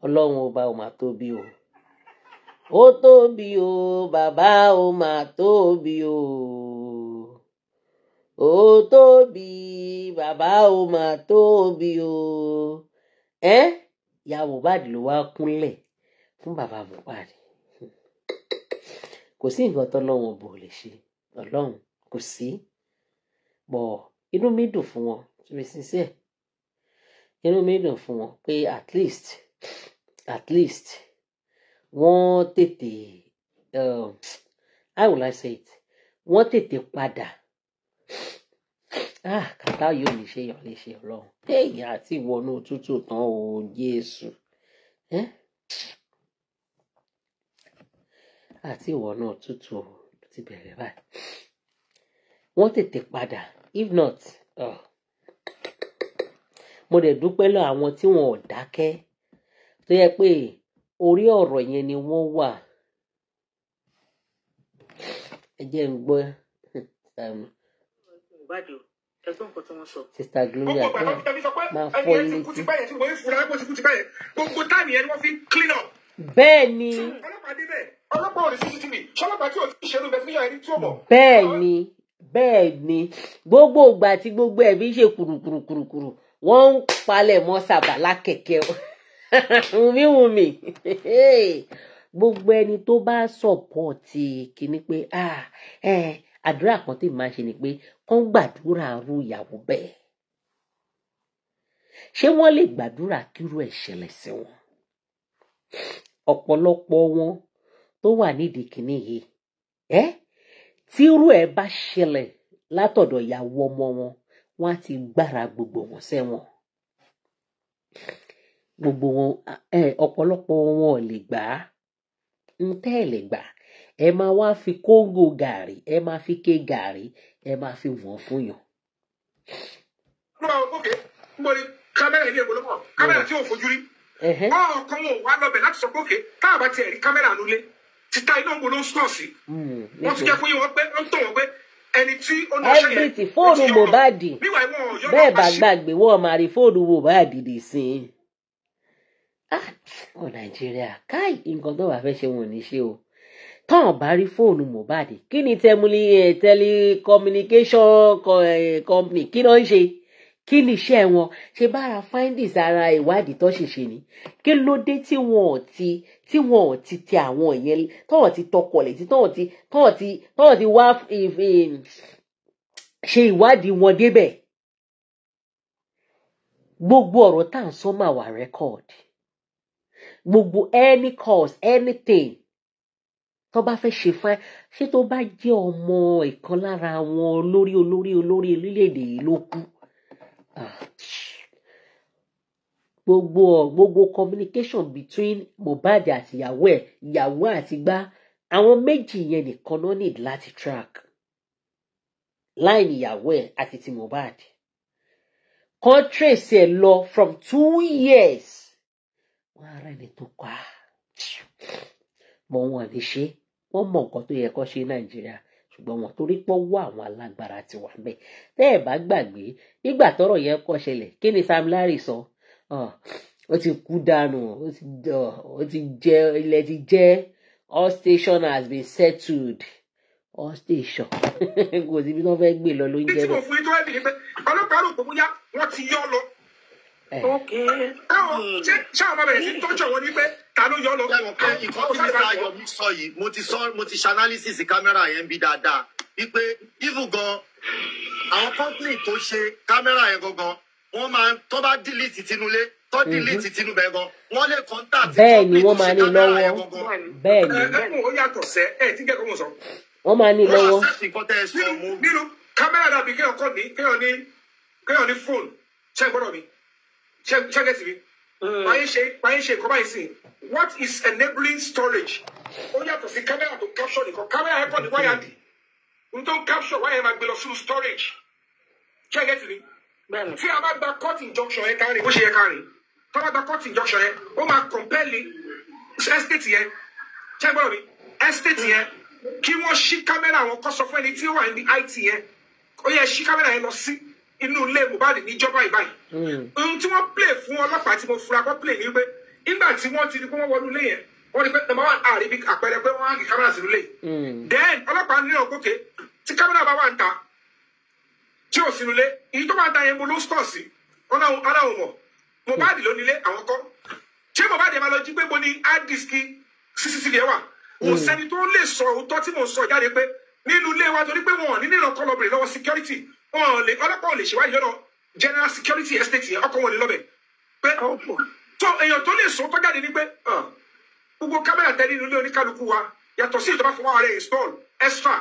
Ọlọ́run ọba o. ó tóbi o bàbá o mà tóbi o ó tóbi bàbá o mà tóbi o ẹ ìyá Mohbad ló wá kúnlẹ̀ fún bàbá Mohbad kò sí nǹkan tọ́lọ́run ọbọ lè ṣe Ọlọ́run kò sí bọ inú mi dùn fún wọn to be inú mi dùn fún wọn pé at least at least wọ́n tètè um, how will I say it wọ́n tètè padà ah kàtá yóò ní ṣe yàn léṣe ọlọ́run èèyàn àti ìwọnú òtútù tán o Jésù àti ìwọnú òtútù o ti bẹ̀rẹ̀ báyìí wọ́n tètè padà if not uh, mo dẹ̀ dúpẹ́ lọ àwọn tí wọn ò dákẹ́ tó yẹ pé orí ọ̀rọ̀ yẹn ni wọ́n wà ẹ jẹ́ ń gbọ́ sista gloria máa fọ ilé tí. bẹ́ẹ̀ ni bẹ́ẹ̀ ni gbogbo ìgbà tí gbogbo ẹ̀ ṣe kùrùkùrùkùrù wọ́n ń palẹ̀ mọ́ sàbàlá kẹ̀kẹ́ o. Umi umi, gbogbo ẹni tó bá sọ̀pọ̀tì kìíní pé ah, àdúrà kan tí màá ṣe ni pé kán gbàdúrà ru ìyàwó bẹ́ẹ̀ ṣé wọ́n lè gbàdúrà kírú ẹ̀ ṣẹlẹ̀ sí wọn ọ̀pọ̀lọpọ̀ wọn tó wà nídìí kìíní yìí ẹ́ tírú ẹ̀ bá ṣẹlẹ̀ látọ̀dọ̀ ìyàwó ọmọ wọn wọ́n á ti gbára gbogbo wọn sẹ́wọ̀n gbogbo wọn ọ̀pọ̀lọpọ̀ wọn ò lè gbà á ń tẹ́ ẹ̀ lè gbà ẹ máa wá fi kóńgò gàrí ẹ máa fi ké gàrí ẹ máa fi wọ́n fún yàn. ló bá wọn kókè ń bọ ní kámẹ́rà ilé ìwòlọ́pọ̀ kámẹ́rà tí ò fojú rí bọ́ọ̀ wọn ò wá lọ́bẹ̀ láti sọ kókè tá a bá tiẹ̀ rí kámẹ́rà nulẹ̀ títa iná ń gbolo ń sùn sí. Hmm, wọ́n ti jẹ́ fún yín wọ́n pé ń tọ̀ wọ́n pé ẹni tí ó ní ọṣẹ yẹn. fóònù Mohbad bẹ́ẹ̀ bá gbàgbé wọ́n máa rí fóònù Mohbad dì sí i ọ nàìjíríà káì nǹkan tó wàá fẹ́ ṣe wọn ò ní ṣe o tán bá rí fóònù Mohbad kí ni tẹmúlí ẹ telecommunication company kí ló ń ṣe kí ni iṣẹ́ wọn ṣe bára findings ara ìwádìí tó ṣèṣe ni kí ló dé tí wọn ò ti tí wọn ò ti tẹ àwọn yẹn tọ́wọ́ ti tọkọlẹ̀ tí tọ́wọ́ ti tọ́wọ́ ti tọ́wọ́ ti wá ṣe ìwádìí wọn débẹ̀ gbogbo ọ̀rọ̀ tá à ń sọ máa wà rẹ́kọ̀dì gbogbo any cause anything tó bá fẹ́ ṣe fún ẹ ṣé tó bá jẹ́ ọmọ ìkan lára àwọn olórí olórí olórí orílẹ̀-èdè yìí ló kú ah, gbogbo gbogbo communication between Mohbad àti ìyàwó ẹ ìyàwó àti gbá àwọn méjì yẹn nìkan ló need láti track line ìyàwó ẹ àti ti Mohbad contrace ẹ lọ from two years wọ́n á rẹ́ni tó pa mọ wọn lè ṣe wọ́n mọ nǹkan tó yẹ kó ṣe nàìjíríà ṣùgbọ́n wọn torí pọ́ wọ́ àwọn alágbára ti wà bẹ́ẹ̀ tẹ́ ẹ̀ bá gbàgbé nígbà tọ́rọ̀ yẹn kọ́ ṣẹlẹ̀ kí ni Sam Larry sọ ó ti kú dànù ó ti jẹ ilẹ̀ ti jẹ́ all station has been settled all station kò síbi tí wọ́n fẹ́ gbé lọ ló ń jẹ́ bẹ́ẹ̀. ọlọ́pàá rò pé bóyá wọ́n ti yọ́ lọ Eh. Hmm. ṣé ṣáà máa bẹ̀rẹ̀ sí tọ́jọ́ wọn ni pé ta ló yọ lọ. ìkọ́ eh, tí mi ta yọ mi sọ yìí mo ti ṣe analysis kámẹ́rà yẹn bí dáadáa wípé even gan àwọn company tó ṣe kámẹ́rà yẹn gangan wọ́n máa tó bá delete tinúlé tó mhm. delete tinúbẹ̀ gan wọ́n lè contact company tó ṣe kámẹ́rà yẹn gangan. bẹ́ẹ̀ ni wọ́n máa ní lọ́wọ́. ó yàtọ̀ sẹ́ ẹ̀ eh, tí kẹ́kọ̀ọ́ mọ̀ sọ. wọ́n máa ní lọ́wọ́. nínú kámẹ́rà dàbí kéèyàn kọ́ ni kéèyàn ní fóònù ṣẹ́ gbọ́dọ̀ mi ṣẹ́gẹ́ tì mí My ṣe my ṣe Come on, sìn what is enabling storage have to see. Camera to capture nìkan kámẹ́rà ẹ̀kọ́ ni wáyà dì n tó ń capture wáyà máa gbé lọ sínú storage ṣẹ́gẹ́ tì mí tí See about that court injunction yẹn carry. bó ṣe yẹ kárin tó bá gba court injunction yẹn ó máa compelli estate yẹn ṣẹ́gbọ́n mi estate yẹn kí wọ́n ṣí kámẹ́rà wọn kọ́ sọ fún ẹni tí in the IT here. Oh yeah, she camera. yẹn lọ sí inú ilé Mohbad níjọba ìbáyìí hmm. ohun tí wọ́n play fún ọlọ́pàá tí mo fura kọ́ play ní pé nígbà tí wọ́n ti di pé wọ́n wọnú ilé yẹn wọ́n rí pé number one àrí bí àpẹẹrẹ pé wọ́n á kí kámẹ́rà sínú ilé hmm. then ọlọ́pàá ní ọgókè tí kámẹ́rà bá wà ń ta tí ò sínú ilé èyí tó máa ta yẹn mo ló stọ̀ sí ọlọ́run mọ̀ Mohbad ló nílé àwọn kọ́ ṣé Mohbad máa lọ jí pé mo ní hard disk cctv ẹ wà kò hmm. sẹ́ni tó lè sọ òótọ́ tí mo sọ jáde pé nínú ilé wa torí pé wọn ò ní security wọn lè ọlọ́pàá ò lè ṣèwádìí lọ́dọ̀ general security estate yẹn ọkọ̀ wọn lè lọ́bẹ̀ pé tó èèyàn tó lè sọ tó jáde pé gbogbo kámẹ́rà tẹ́lẹ̀ nínú oníkálukú wa yàtọ̀ sí ìjọba fún wa rẹ̀ install extra.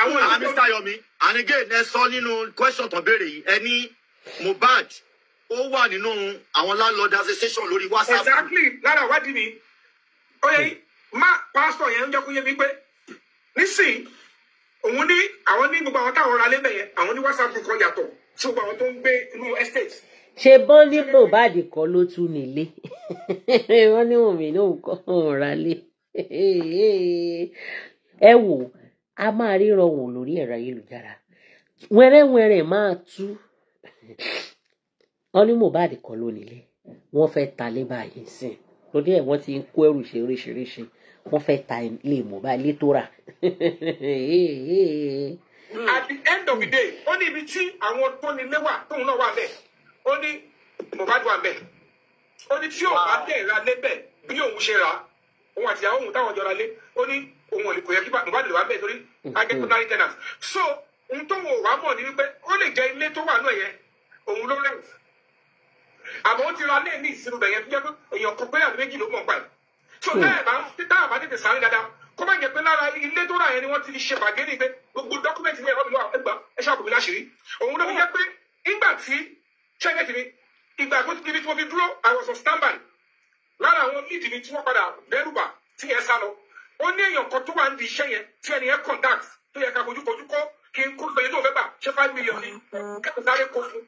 àwọn ah, èèyàn àmì sáyọmi ànigé ẹ sọ nínú question tó béèrè yìí ẹ ní Mohbad ó wà nínú àwọn landlord association lórí WhatsApp. exactly lára ìwádìí mi ó yẹ má pásítọ̀ yẹn ń jẹ́ kó yé mi pé nísìnyí òun ní àwọn ní gbogbo àwọn táwọn ra lébẹ̀ yẹn àwọn ní whatsapp kan yàtọ̀ tí gbogbo àwọn tó ń gbé inú estate. ṣe bọ́n ní Mohbad kọ́ ló tún nílé wọ́n ní òun mi náà kọ́ òun ra lé ẹ wò a máa ríran wò lórí ẹ̀rọ ayélujára wẹ́rẹ́wẹ́rẹ́ máa tú wọ́n ní Mohbad kọ́ ló nílé wọ́n fẹ́ ta lé báyìí sìn lórí ẹ̀ wọ́n ti ń kó ẹrù ṣe oríṣiríṣi wọ́n fẹ́ ta lè mọ̀ báyìí tó rà. at the end of the day ó ní ibi tí àwọn tó ní ilé wà tóun náà wà bẹ́ẹ̀ ó ní Mohbad wà bẹ́ẹ̀ ó ní tí òun bá dẹ̀ ra lébẹ̀ bí òun ṣe ra òun àti ìyàwó òun táwọn jọra lé ó ní òun ò lè kò yẹ kí Mohbad lè wà bẹ́ẹ̀ torí agẹ́kọ̀ọ́nárì tenants so ohun tó wò wá mọ̀ ni wípé ó lè jẹ́ ilé tó wà náà yẹn òun ló rẹ̀ àmọ́ ó ti ra lẹ́ẹ̀ ní ìsinmi bẹ̀yẹn tó jẹ́ pé èèyàn kan pé àbí méjì ló mọ̀ pa ẹ̀ so tá ẹ bá tá ẹ bá tètè sáré dáadáa kó má jẹ pé lára ilé tó rà yẹn ni wọ́n ti ṣe bàgẹ́rì pé gbogbo dọ́kúmẹ̀ntì mi ẹ̀rọ mi lọ ẹgbà ẹ ṣàkóso mi láṣìírí òun ló fi jẹ́ pé ìgbà tí ṣẹ́gẹ̀tì mi ìgbà tó ti ibi tí mo fi dúró àwọ̀sọ̀ standby lára àwọn níìdì mi tí wọ́n padà dẹ́rùbà tí ẹ sá lọ ó ní èèyàn kan tó wà níbi iṣẹ́ yẹn tí ẹni yẹn contact tó yẹ ká fojú kojú kọ́ kí n kó lóye tó fẹ́ gbà ṣé five million ni kẹ́kọ̀ọ́ sáré kó fún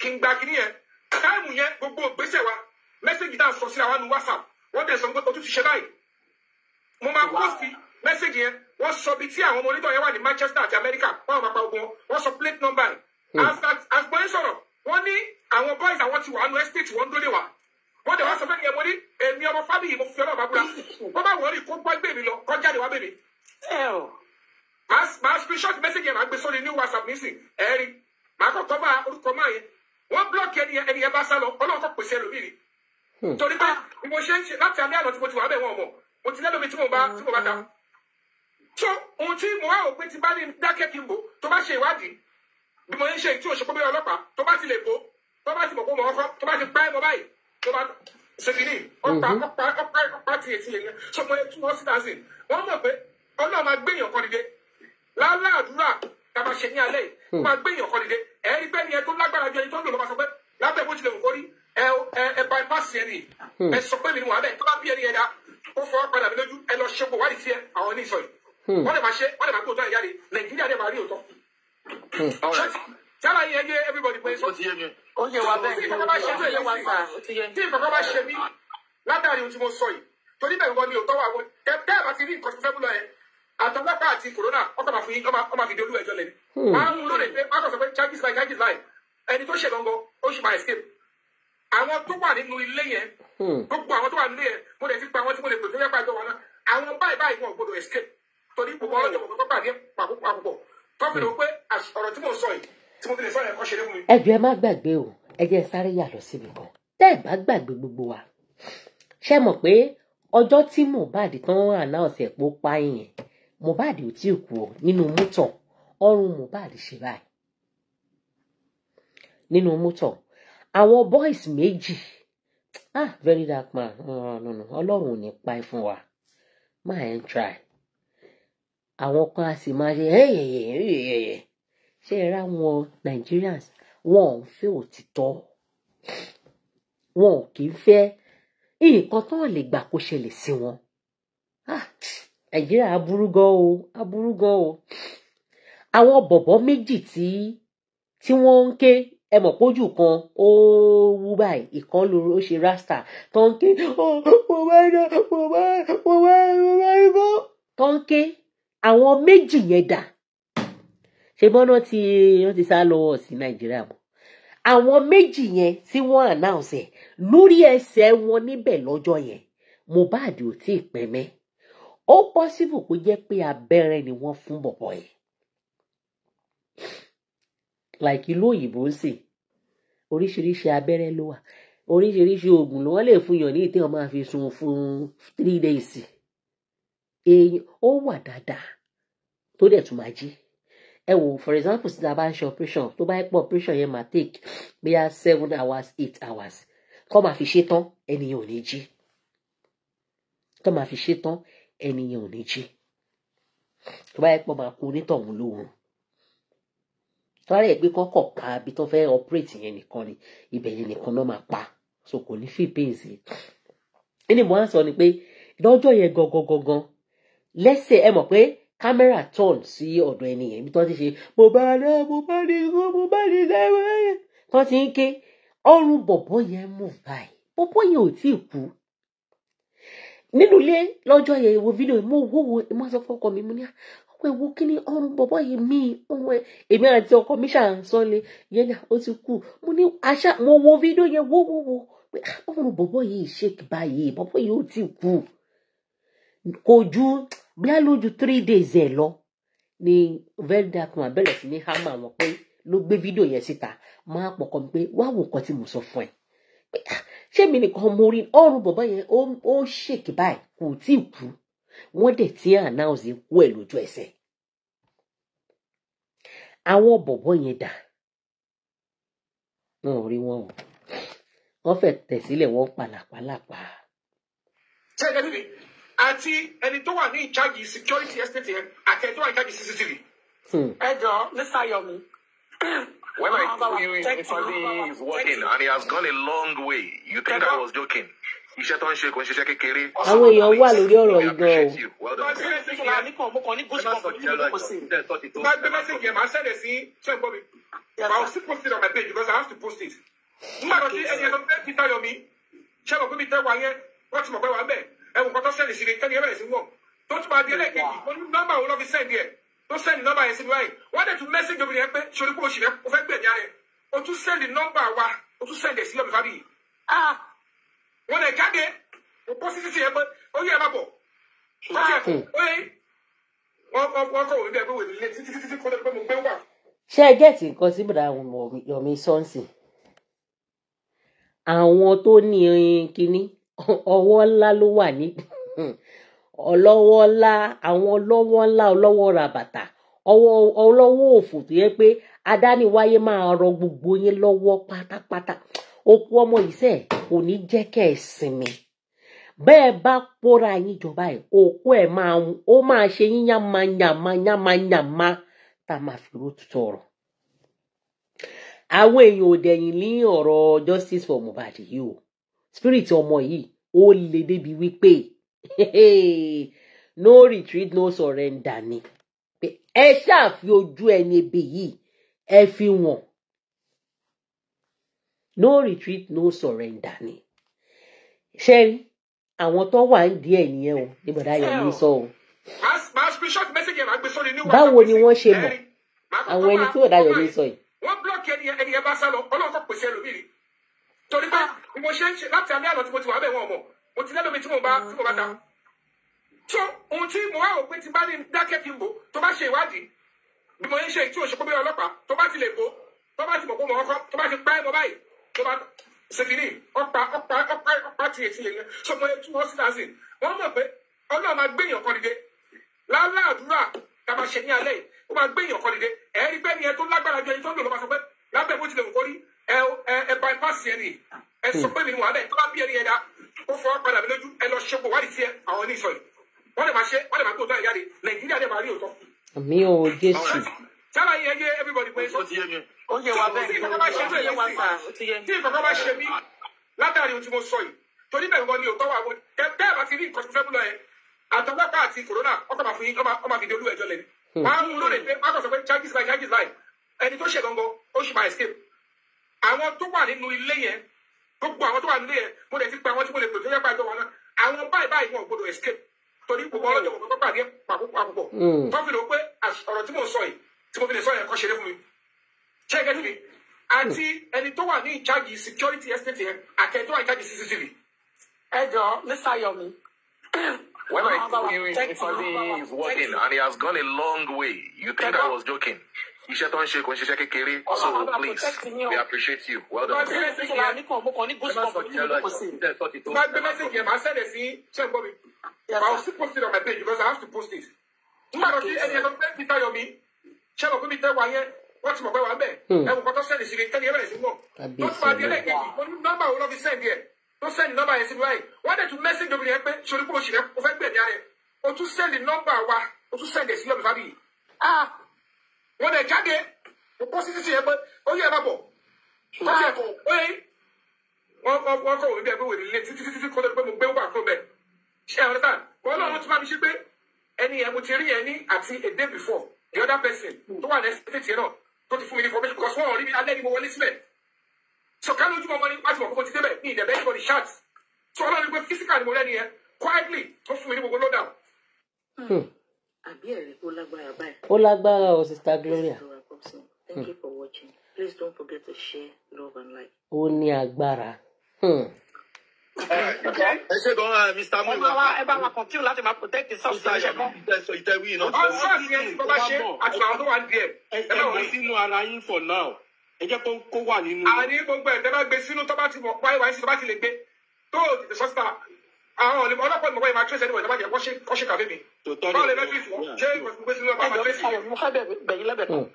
kí n gba kí nìyẹn táìmù yẹn gbogbo ìgbésẹ̀ wa mẹ́sẹ̀gì tá à ń sọ síra wa nu WhatsApp wọ́n dẹ̀ sọ pé o tún ti ṣe báyìí mo máa pósìtì mẹ́sẹ̀gì yẹn wọ́n sọ bíi tí àwọn ọmọ onítọ̀ yẹn wà ní Manchester àti America wọ́n máa pa ogun wọn wọ́n sọ plate number yẹn àgbọ̀nyín hmm. sọ̀rọ̀ wọ́n ní àwọn boys àwọn ti wà nù estate wọ́n dólé wa wọ́n dẹ̀ wá sọ fẹ́ ni ẹ̀ mo ní èmi ọmọ fábíyì mo fi ọlọ́ọ̀bá búra wọ́n bá wọ̀ọ́rì kó gbọ́ gbèmí lọ kọjá ni wá bèbè màá screenshot message yẹn màá gbé sórí new whatsapp nísìn ẹ̀rí màá kọ́ kọ́ bá orúkọ máa yẹn wọ́n blọ́ọ̀kì ẹni ẹni ẹ bá sá lọ ọlọ́run pèsè ẹlòmíì Hmm. torí pé mo ṣe ń ṣe láti alẹ́ àná tí mo ti wà bẹ̀ wọ́n mọ̀ mo ti lẹ́nu mi tí mo bá tí mo bá ta. tó hmm. ohun tí mo wá òpin ti bá ní dákẹ́ kí n bò tó bá ṣe ìwádìí bí mo ń ṣe tí òṣèpọ̀ bí ọlọ́pàá tó bá ti lè bò tó bá ti mọ̀ pé mo kọ́ tó bá ti pa ẹ̀ mọ́ báyìí tó bá ṣèkìní ọ̀pá ọ̀pá ọ̀pá ọ̀pá ti ètí yẹn so mo tún wọ́n síta sí wọ́n mọ̀ pé ọlọ́run máa gbẹ̀yàn kan dìde láláàdúrà tá a máa ṣe ní alẹ́ yìí hmm. máa gbẹ̀yàn kan dìde ẹ̀ẹ́dẹ́gbẹ́ni ẹ tó lágbára ju ẹni tó ń lò lọ́ba sọ pé lábẹ́ bó tilẹ̀ wò kórí ẹ ẹ bypass yẹn ni hmm. ẹ sọ pé mi ni wọn abẹ tó bá bí ẹni yẹn dá ó fọwọ́ padà mi lójú ẹ lọ ṣogbo wádìí sí ẹ àwọn ní ìsọyìn hmm. wọ́n lè máa ṣe wọ́n lè máa gbóòótọ́ ìyá o nàìjíríà lè máa rí òótọ́. sábà hmm. yẹn yé everybody pé sọ. ó yẹ wa bẹ́ẹ̀ ni ó yẹ wa sà ó ti yẹ. tí nǹkan kan bá ṣe o látàrí ohun tí mo sọ yìí torí bẹ́ẹ̀ o ní òótọ́ wà wọ́n tẹ́ẹ̀ bá ti rí nǹkan tó fẹ́ mú lọ yẹn àtọwọ́pá àti kòrónà ọkọ̀ máa fi ọmọ àfi dolú ẹjọ́ lẹ́ni. máa ń lóore pé wọ́n kọ̀ sọ pé charges line charges line ẹni tó ṣèlọ́ngọ o ṣì máa escape àwọn tó wà nínú ilé yẹn hmm. gbogbo àwọn tó wà nínú yẹn mo lè fi pa àwọn tí mo lè pè fún yàgbà ìjọba náà àwọn báyìí báyìí wọn ò gbọdọ̀ escape torí gbogbo ọlọ́jọ́ kò tó pàdé papọ̀ tọ́fìlì pé ọ̀rọ̀ tí mo sọ yìí tí mo fi lè sọ yẹn kọ́ ṣe lé mi. ẹjọ ẹ má gbàgbé o ẹ jẹ́ sáré yà lọ síbi kan tẹ́ ẹ bá gbàgbé gbogbo wa ṣe mọ̀ pé ọjọ́ tí Mohbad tán ànáọ̀sì ẹ̀pó páyìn yẹn Mohbad ò tí ì kú ọ nínú mútọ̀ ọrùn Mohbad ṣe báyìí nínú mútọ̀ àwọn boys méjì ah very dark man ah, ọlọ́run ò ní pa ẹ́ fún wa máa ń try àwọn kan a sì máa ṣe ẹ̀yẹ̀yẹ̀yẹ̀yẹ̀ ṣé ẹ rá wọn Nigerians wọn ò fẹ́ òtítọ́ wọn ò kì í fẹ́ nǹkan tán lè gbà kó ṣẹlẹ̀ sí wọn ah, Nàìjíríà aburú gan o aburú gan o àwọn bọ̀bọ̀ méjì tí tí wọ́n ń ké ẹ mọ̀ pójú kan ó wú báyìí ìkan lóru ó ṣe rasta tó ń ké mo máa ń mo máa ń mo máa ń mo máa ń bọ́ tó ń ké àwọn méjì yẹn dà ṣe bọ́n náà ti wọ́n ti sá lọ́wọ́ sí nàìjíríà bọ̀ àwọn méjì yẹn tí wọ́n announce ẹ̀ lórí ẹsẹ̀ wọn níbẹ̀ lọ́jọ́ yẹn Mohbad ò tí ì pẹ́ mẹ́ ó possible kó jẹ́ pé abẹ́rẹ́ ni wọ́n fún bọ̀bọ̀ yẹn like ìlú òyìnbó ń sìn oríṣiríṣi abẹ́rẹ́ ló wà oríṣiríṣi oògùn ló wọ́n lè fún yàn ní ìtẹ́ wọn máa fi sun fún three days èèyàn ó wà dáadáa tó dẹ̀ tún máa jí ẹ wò for example sí ta bá ń ṣe operation tó bá yẹ pé operation yẹn máa take bóyá seven hours eight hours kọ́ máa fi ṣe tán ènìyàn ò ní jí kọ́ máa fi ṣe tán ènìyàn ò ní jí tó bá yẹ pé ọmọ akun onítọ̀hún lóorun tó bá rẹ̀ pé kọ́kọ́ ka ibi tó fẹ́ operate yẹn nìkan ni ibẹ̀ yẹn nìkan náà máa pa so kò ní feel pain sí i ní mo á sọ ni pé lọ́jọ́ yẹn gangan gangan lẹ́sẹ̀ ẹ mọ̀ pé kámẹ́rà turn sí ọ̀dọ̀ ẹni yẹn ibi tó ti ṣe mo bá rẹ mo bá rí i mo bá rí i sẹ́wẹ́ tó ti ń ké ọrùn bọ̀bọ̀ yẹn mú báyìí bọ̀bọ̀ yẹn ò tí ì kú nínú ilé lọ́jọ́ yẹn wo fídíò mo wo wo mo sọ fún mi mo ní à pé wo kí ni ọrùn bọ̀bọ̀ yìí mí ohun ẹ̀ èmi àti ọkọ mi ṣà ń sọ ni yẹn náà ó ti kú mo ní aṣá mo wo fídíò yẹn wo wo wo pé ah, ọrùn bọ̀bọ̀ yìí ṣèkì báyìí bọ̀bọ̀ yìí ó ti kú kò ju bí a lójú three days ẹ̀ lọ ni veldakun abẹ́rẹ́ sí ní hámà wọn pé ló gbé fídíò yẹn síta máa pọ̀kọ́ mi pé wá wò nǹkan tí mo sọ fún ẹ ah, ṣé mi nìkan mo rí ọrùn bọ̀bọ̀ yẹn ó ṣèkì báyìí kò tí ì kú wọ́n dẹ̀ ti announce ikú ẹ̀ lójú ẹsẹ̀ àwọn bọ̀bọ̀ yẹn dà wọn ò rí wọn o wọ́n fẹ́ tẹ̀ sílẹ̀ wọ́n pàlàpàlàpà. ṣẹ́gẹ́dìrì àti ẹni tó wà ní ìjáàjì security estate yẹn àti ẹni tó wà ní ìjáàjì CCTV. Hmm. ẹ jọ mr yomi. When I tell you Italy is working and it has gone a long way, you think I was joking? iṣẹ́ tó ń ṣe kò ń ṣiṣẹ́ kékeré. àwọn èèyàn wà lórí ọ̀rọ̀ yìí I will still post it on tó ti nọ́mbà yẹn sí mi wọ́n dẹ̀ tún mẹ́sẹ̀gì obìnrin yẹn pé ṣorí kó o fẹ́ gbẹ̀mí ara o tún sẹ́ẹ̀dì nọ́mbà wa o tún sẹ́ẹ̀dì ẹ̀ sílẹ̀ mi fábíyì. Ah, wọn lè jáde bó sí títí ẹ mọ oyè ẹ má bọ wọn ti ẹkọ oyè wọn kọ òwe bí ẹgbẹ wòlé lé títí títí kọlẹ pé mo gbé wà. ṣé ẹ gẹ́ẹ̀tì nǹkan sí bùdá Yomi Sonsi àwọn tó ní kínní ọwọ́ ńlá ló wà ní ọlọ́wọ́ ńlá àwọn ọlọ́wọ́ ńlá ọlọ́wọ́ ra bàtà ọlọ́wọ́ òfò tó yẹ pé adániwáyé máa rọ gbogbo yín lọ́wọ́ pátápátá òkú ọmọ yìí sẹ kò ní jẹ́ kẹ́ ẹ sinmi bẹ́ẹ̀ bá pòórá yín jọba ẹ̀ òkú ẹ̀ máa ń ó máa ṣe yín yàmàyàmà tá a máa fi ró tutù ọ̀rọ̀ àwọn èèyàn ò ní ọ̀rọ̀ justice for Mohbad yìí o spirit ọmọ yìí ó le débi wípé no retreat no surrender ni ẹ ṣáà fi ojú ẹni ebè yìí ẹ fi wọ̀n no retreat no surrender ni ṣẹ́rí àwọn tó wà ń di ẹ̀ nìyẹn o ní bọ̀dá Yomi sọ o. báwo ni wọ́n ṣe mọ̀ àwọn ẹni tí bọ̀dá Yomi sọ yìí. wọ́n búlọ̀kì ẹni ẹni ẹ bá sá lọ ọlọ́run kò pèsè ẹlòmíì torí pé mo ṣe ń ṣe láti alẹ́ àná tí mo ti wà bẹ́ẹ̀ wọn mọ̀ mo ti lẹ́lòmíì tí mo bá tí mo bá ta tó ohun tí mo wá rò pé ti bá ní dákẹ́ kí n bò tó bá ṣe ìwádìí bí mo ń ṣe tí òṣèkó bí ọlọ́pàá tó bá ti lè bò tó bá ti mọ̀ pé mo kọ́ tó bá ti pa ẹ̀ mọ́ báyìí ló bá ṣèkìní ọ̀pá ọ̀pá ọ̀pá ọ̀pá tiẹ̀ tiẹ̀ yẹn sọmọ yẹn two hundred thousand wọ́n mọ̀ pé ọlọ́run máa gbẹ̀yìn ọkọ dìde lálẹ́ àdúrà tá a máa ṣe ní alẹ́ yìí ó máa gbẹ̀yìn ọkọ dìde ẹ̀ẹ́rì bẹ́ẹ̀ ni ẹ tó lágbára ju ẹni tó ń lò ló bá sọ pé lábẹ́ bó tilẹ̀ kórí ẹ ẹ bypass yẹn ni ẹ sọ pé mi ni wà bẹ́ẹ̀ tó bá bí ẹni yẹn dá ó fọ padà mi lójú ẹ lọ ṣe kó wádìí sábà yẹ yé everybody pé ó ti yé mi. ó yẹ wa bẹ́ẹ̀ tí nǹkan bá ṣe mí tí nǹkan bá ṣe mí látàrí ohun tí mo sọ yìí torí bẹ́ẹ̀ gan ni òótọ́ wà wọ́n bẹ́ẹ̀ ti rí nǹkan tó fẹ́ mú lọ yẹn àtọwọ́pá àti kòrónà ọkọ̀ máa fi ọmọ àfi dolú ẹjọ́ lẹ́nu. Hmm. wàá mú lóde pé wàá kọ̀ sọ pé charges by charges by ẹni tó ṣe gangan ó ṣì máa escape. àwọn tó wà nínú ilé yẹn gbogbo àwọn tó wà nínú yẹn mo lè ti pa àwọn tí mo lè pè tó yẹ wọn náà àwọn báyìí báyìí wọn ò escape torí gbogbo ọlọ́jọ́ kò pàdé pàpọ̀ pàpọ̀ tó hmm. fi lò pé ọ̀rọ̀ tí mo sọ yìí tí mo fi lè sọ ẹ̀kọ́ ṣeré fún mi ṣé ẹgẹ́ nìyí àti ẹni tó wà ní ìjáàjì security estate yẹn àti ẹni tó wà ní ìjáàjì CCTV. ẹ jọ Mr. Yomi. When I tell you somebody is working and he has gone a long way, you think I was joking. Iṣẹ́ tó ń ṣe kò ń ṣiṣẹ́ kékeré. So please, we appreciate you. Well done. Gbàgbé mẹ́sẹ̀gì yẹn ní kàn mú kàn ní goosebumps ní ìlú kò sí. Gbàgbé mẹ́sẹ̀gì yẹn máa ṣẹlẹ̀ sí Ṣẹ́ngbọ́mi. I will still post it on my page because I have to post it. Nígbà tó ṣe ẹni ẹ̀dọ́ pé Peter Yomi ṣé mo gbébi tẹ́wọ̀ ayẹ́ wọ́n ti mọ̀ pé wà ń bẹ̀ hmm. ẹ̀wọ̀n kan tó sẹ́ni sí mi tẹ́ni ẹ̀rẹ́ sí wọ̀ tó ti pàdé lẹ́ẹ̀kejì mo ní nọ́mbà wo lọ́ fi sẹ́ni ẹ̀ tó sẹ́ni nọ́mbà yẹn sí mi wáyé wọ́n dẹ̀ tún mẹ́sẹ̀gì obìnrin yẹn pé sori kúrò sílẹ̀ o fẹ́ gbẹ̀mí ara yẹn o tún sẹ́ni nọ́mbà wa o tún sẹ́ni ẹ̀ sí lọ́mí fábíyì ah wọ́n dẹ̀ jáde o bọ́ sí títì yẹn pé ó yẹ ẹ má bọ̀ ó ti ẹ̀kọ́ ó yẹ wọ́n kọ̀ wọ́n bí ẹ pé wèrè lé títí títí kọ́ lórí pé mo gbé wà fún bẹ́ẹ̀ ṣé ẹ ọ̀rẹ́ta wọ́n lọ́run tún bá mi ṣe pé ẹni yẹn mo ti rí yẹn ní àti a day before the other person tó wà lẹ́sítẹ̀tì náà tó ti fún mi ní information because wọ́n rí mi alẹ́ ni mo wọlé síbẹ̀ so ká lójú mọ́ money, pass mọ̀ kókó ti débẹ̀ ní ìdẹ̀bẹ̀ anybody shout so ọlọ́run pé physical ni mo rẹ́ni yẹn quietly tó fún mi ní gbogbo lowdown. Hmm. àbí ẹ̀rí ó lágbára báyìí. ó lágbára o sister Gloria. thank hmm. you for watching please don't forget to share love and like. ó ní agbára. Hmm ẹ ṣe gan mr mu ìwà ẹ bá wa continue láti máa protect the south ṣe gan. ìtẹ̀wé iná tó ń bọ̀ ọ́ tó bá ṣe àti àwọn tó wà níbi ẹ̀. ẹ jẹ́ kó sínú ara yín for now ẹ jẹ́ kó kó wà nínú. àní gbogbo ẹ̀ tẹ́ bá gbé sínú tó bá ti wáyé wáyé sí tó bá ti lè gbé tó sọ́sítà àwọn ọlọ́pàá ìmọ̀wá yìí máa tún sẹ́ni wọ̀nyí tó bá jẹ́ kọ́ ṣe kàfé mi. báwo lè lọ́ọ́ fi ṣe ìgbésí lọ́ọ́ bá máa tún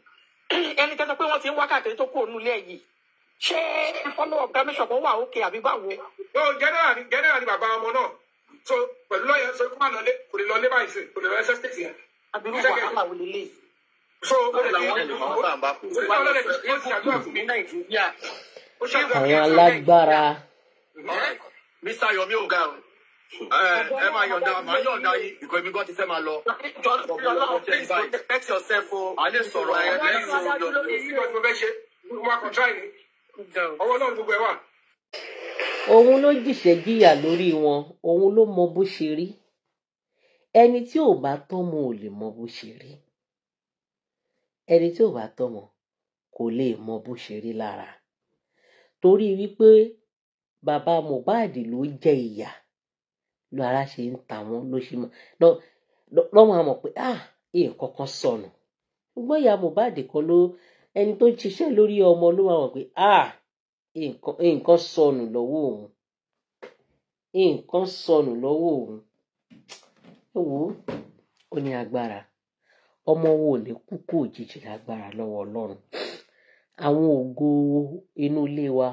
sí. ẹni tẹ́tọ́ pé wọ́n ti ń wákàtí tó kúrò nílé yìí ṣé ìfọlọ ọgá bíṣọpù wà òkè àbí báwo. ó general ni general ni bàbá ọmọ náà so pẹ̀lú lọ́yẹ̀ sọ kó má lọlé kò lè lọlé báyìí sí kò lè lọ ẹsẹ̀ stéètì yẹn. àbírú wàhálà wò lélẹ̀. so ó lè lọ́wọ́ ẹ̀ lọ́wọ́ bá ń bá kú. àwọn alágbára. mr yomi oga o ẹ máa yọ̀ǹda máa yọ̀ǹda yìí ìkọ̀ èmi ti fẹ́ máa lọ. jọ́sọ̀ please protect yourself o. a lè sọ̀rọ̀ ẹ̀ lẹ́yìn o ọwọ́ náà gbogbo ẹ̀ wà. òun ló jìṣẹ́ jìyà lórí wọn òun ló mọ bó ṣe rí ẹni tí ò bá tọ́mọ ò lè mọ bó ṣe rí ẹni tí ò bá tọ́mọ kò lè mọ bó ṣe rí lára torí wípé bàbá Mohbad ló jẹ ìyà lára ṣe ń ta wọn ló ṣe mọ lọ́wọ́n a pé ah èèyàn kankan sọnù ṣùgbọ́n ìyá Mohbad kan ló. Lo ẹni tó ń ṣiṣẹ́ lórí ọmọ ló máa mọ̀ pé ah, nǹkan sọnù lọ́wọ́ òun nǹkan sọnù lọ́wọ́ òun wò ó ní agbára ọmọ wo ò ní kúkú òjijì lágbára lọ́wọ́ ọlọ́run àwọn ògo inú ilé wa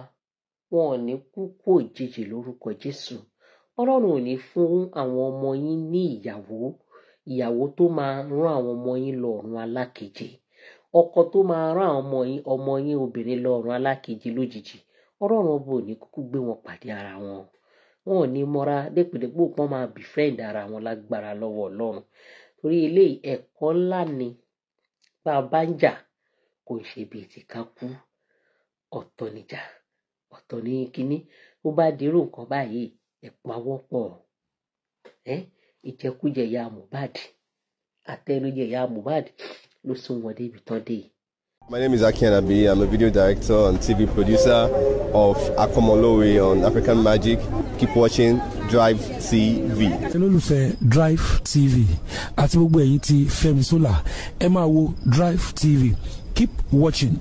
wọn ò ní kúkú òjijì lórúkọ jésù ọlọ́run ò ní fún àwọn ọmọ yín ní ìyàwó ìyàwó tó máa rán àwọn ọmọ yín lọ ọ̀run alákeje ọkọ tó máa rán àwọn ọmọ yín ọmọ yín obìnrin lọ ọ̀run lójijì ọlọ́run ọba ò ní kúkú gbé wọn pàdé ara wọn wọn ò ní mọ́ra dépèdépò pọ́n máa befriend ara wọn lágbára lọ́wọ́ ọlọ́run torí eléyìí ẹ̀kọ́ ńlá ni bá a bá ń jà kò ń ṣe bíi ti ká kú ọ̀tọ̀ níjà ọ̀tọ̀ ní kínní ó bá dérò nǹkan báyìí ẹ̀pọ̀ awọ́pọ̀ ìjẹkújẹ ìyá Mohbad àtẹnujẹ ya Mohbad My name is Akian Abi. I'm a video director and TV producer of Akomolowe on African Magic. Keep watching Drive TV. Drive TV àti gbogbo ẹ̀yin Fẹ́mi Sola, wo Drive TV. Keep watching.